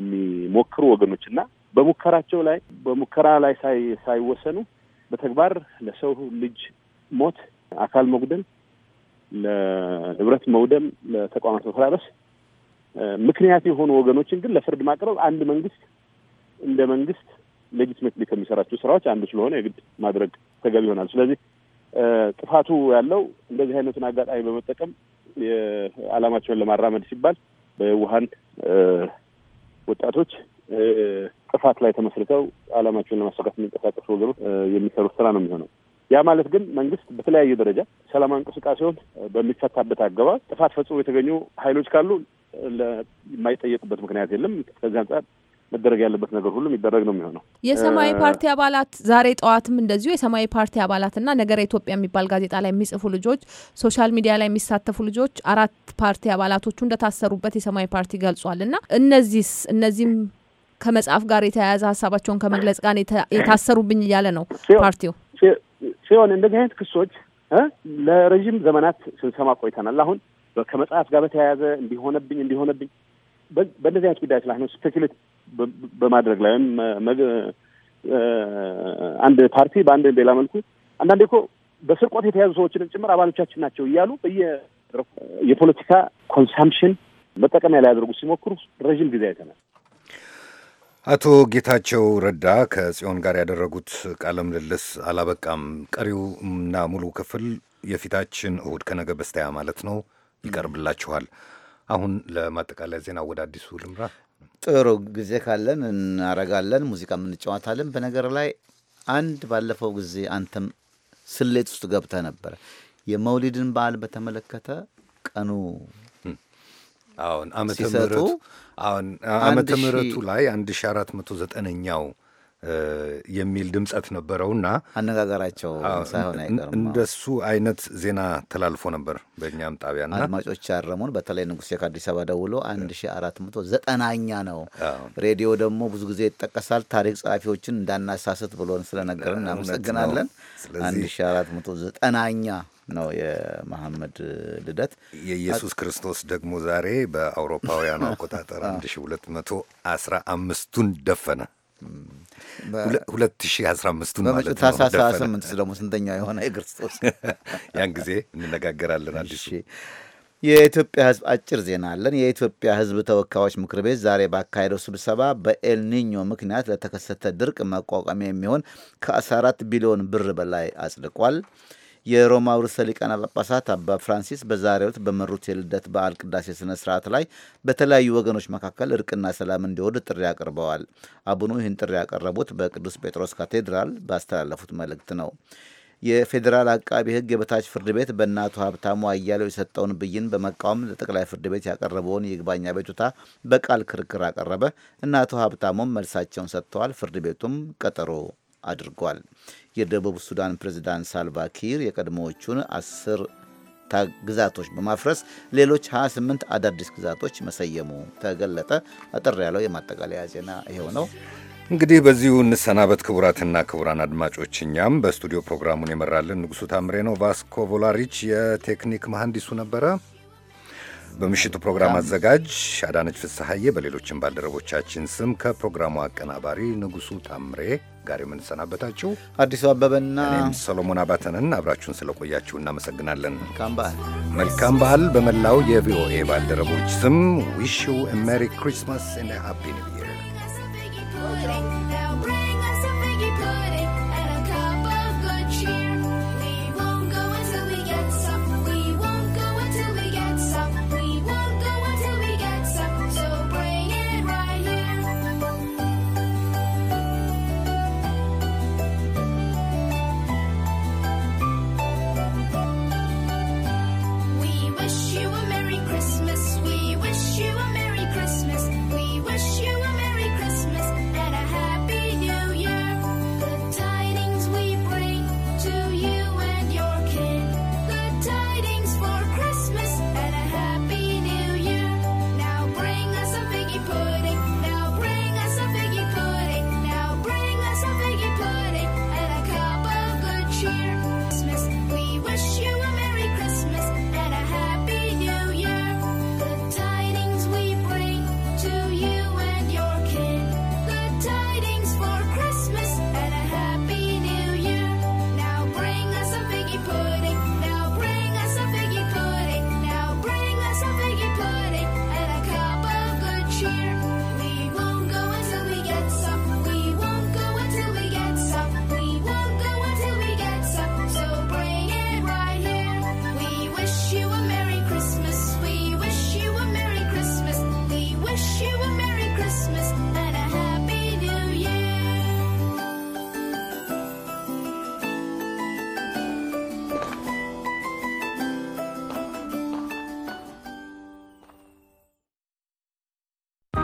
የሚሞክሩ ወገኖችና በሙከራቸው ላይ በሙከራ ላይ ሳይወሰኑ በተግባር ለሰው ልጅ ሞት፣ አካል መጉደል፣ ለንብረት መውደም፣ ለተቋማት መፈራረስ ምክንያት የሆኑ ወገኖችን ግን ለፍርድ ማቅረብ አንድ መንግስት እንደ መንግስት ሌጂትሜትሊ ከሚሰራቸው ስራዎች አንዱ ስለሆነ የግድ ማድረግ ተገቢ ይሆናል። ስለዚህ ጥፋቱ ያለው እንደዚህ አይነቱን አጋጣሚ በመጠቀም አላማቸውን ለማራመድ ሲባል በውሀን ወጣቶች ጥፋት ላይ ተመስርተው አላማቸውን ለማሳካት የሚንቀሳቀሱ ወገኖች የሚሰሩት ስራ ነው የሚሆነው። ያ ማለት ግን መንግስት በተለያየ ደረጃ ሰላማዊ እንቅስቃሴውን በሚፈታበት አገባብ ጥፋት ፈጽሞ የተገኙ ኃይሎች ካሉ የማይጠየቁበት ምክንያት የለም። ከዚህ አንጻር መደረግ ያለበት ነገር ሁሉ የሚደረግ ነው የሚሆነው። የሰማያዊ ፓርቲ አባላት ዛሬ ጠዋትም እንደዚሁ የሰማያዊ ፓርቲ አባላትና ነገረ ኢትዮጵያ የሚባል ጋዜጣ ላይ የሚጽፉ ልጆች፣ ሶሻል ሚዲያ ላይ የሚሳተፉ ልጆች አራት ፓርቲ አባላቶቹ እንደታሰሩበት የሰማያዊ ፓርቲ ገልጿል። እና እነዚህስ እነዚህም ከመጽሐፍ ጋር የተያያዘ ሀሳባቸውን ከመግለጽ ጋር የታሰሩብኝ እያለ ነው ፓርቲው ሲሆን እንደዚህ አይነት ክሶች ለረዥም ዘመናት ስንሰማ ቆይተናል። አሁን ከመጽሐፍ ጋር በተያያዘ እንዲሆነብኝ እንዲሆነብኝ በእንደዚህ አይነት ጉዳይ ስላ ነው ስፔኪሌት በማድረግ ላይ ወይም አንድ ፓርቲ በአንድ ሌላ መልኩ አንዳንዴ እኮ በስርቆት የተያዙ ሰዎችንም ጭምር አባሎቻችን ናቸው እያሉ የፖለቲካ ኮንሳምፕሽን መጠቀሚያ ላይ ያደርጉ ሲሞክሩ ረዥም ጊዜ አይተናል። አቶ ጌታቸው ረዳ ከጽዮን ጋር ያደረጉት ቃለ ምልልስ አላበቃም። ቀሪው እና ሙሉ ክፍል የፊታችን እሁድ ከነገ በስተያ ማለት ነው ይቀርብላችኋል። አሁን ለማጠቃለያ ዜና ወደ አዲሱ ልምራ። ጥሩ ጊዜ ካለን እናረጋለን። ሙዚቃ እንጫወታለን። በነገር ላይ አንድ ባለፈው ጊዜ አንተም ስሌት ውስጥ ገብተ ነበረ የመውሊድን በዓል በተመለከተ ቀኑ አሁን ዓመተ ምሕረቱ አሁን ዓመተ ምሕረቱ ላይ መቶ ዘጠነኛው የሚል ድምፀት ነበረውና አነጋገራቸው ሳይሆን አይቀርም እንደሱ አይነት ዜና ተላልፎ ነበር በእኛም ጣቢያና አድማጮች ያረሙን። በተለይ ንጉሴ ከአዲስ አበባ ደውሎ መቶ ዘጠናኛ ነው ሬዲዮ ደግሞ ብዙ ጊዜ ይጠቀሳል ታሪክ ጸሐፊዎችን እንዳናሳስት ብሎን ስለነገርን እናመሰግናለን መቶ ዘጠናኛ ነው የመሐመድ ልደት። የኢየሱስ ክርስቶስ ደግሞ ዛሬ በአውሮፓውያኑ አቆጣጠር አስራ አምስቱን ደፈነ። ሁለት ሺህ አስራ አምስቱ ማለት ነው። ታህሳስ ሀያ ስምንት ደግሞ ስንተኛ የሆነ የክርስቶስ (laughs) ያን ጊዜ እንነጋገራለን። አዲሱ የኢትዮጵያ ሕዝብ አጭር ዜና አለን። የኢትዮጵያ ሕዝብ ተወካዮች ምክር ቤት ዛሬ ባካሄደው ስብሰባ በኤልኒኞ ምክንያት ለተከሰተ ድርቅ መቋቋሚያ የሚሆን ከ14 ቢሊዮን ብር በላይ አጽድቋል። የሮማው ርዕሰ ሊቃነ ጳጳሳት አባ ፍራንሲስ በዛሬው ዕለት በመሩት የልደት በዓል ቅዳሴ ስነ ስርዓት ላይ በተለያዩ ወገኖች መካከል እርቅና ሰላም እንዲወድ ጥሪ አቅርበዋል። አቡኑ ይህን ጥሪ ያቀረቡት በቅዱስ ጴጥሮስ ካቴድራል ባስተላለፉት መልእክት ነው። የፌዴራል አቃቢ ሕግ የበታች ፍርድ ቤት በእናቱ ሀብታሙ አያሌው የሰጠውን ብይን በመቃወም ለጠቅላይ ፍርድ ቤት ያቀረበውን የግባኛ አቤቱታ በቃል ክርክር አቀረበ። እናቱ ሀብታሙም መልሳቸውን ሰጥተዋል። ፍርድ ቤቱም ቀጠሮ አድርጓል። የደቡብ ሱዳን ፕሬዚዳንት ሳልቫኪር የቀድሞዎቹን አስር ግዛቶች በማፍረስ ሌሎች 28 አዳዲስ ግዛቶች መሰየሙ ተገለጠ። አጠር ያለው የማጠቃለያ ዜና ይሄው ነው። እንግዲህ በዚሁ እንሰናበት። ክቡራትና ክቡራን አድማጮች እኛም በስቱዲዮ ፕሮግራሙን የመራልን ንጉሱ ታምሬ ነው። ቫስኮ ቮላሪች የቴክኒክ መሐንዲሱ ነበረ። በምሽቱ ፕሮግራም አዘጋጅ አዳነች ፍስሐዬ በሌሎችም ባልደረቦቻችን ስም ከፕሮግራሙ አቀናባሪ ንጉሱ ታምሬ ጋር የምንሰናበታችሁ አዲሱ አበበና እኔም ሰሎሞን አባተንን አብራችሁን ስለቆያችሁ እናመሰግናለን። መልካም በዓል በመላው የቪኦኤ ባልደረቦች ስም ዊሽ ዩ ሜሪ ክሪስማስ ሃፒ ኒው ይር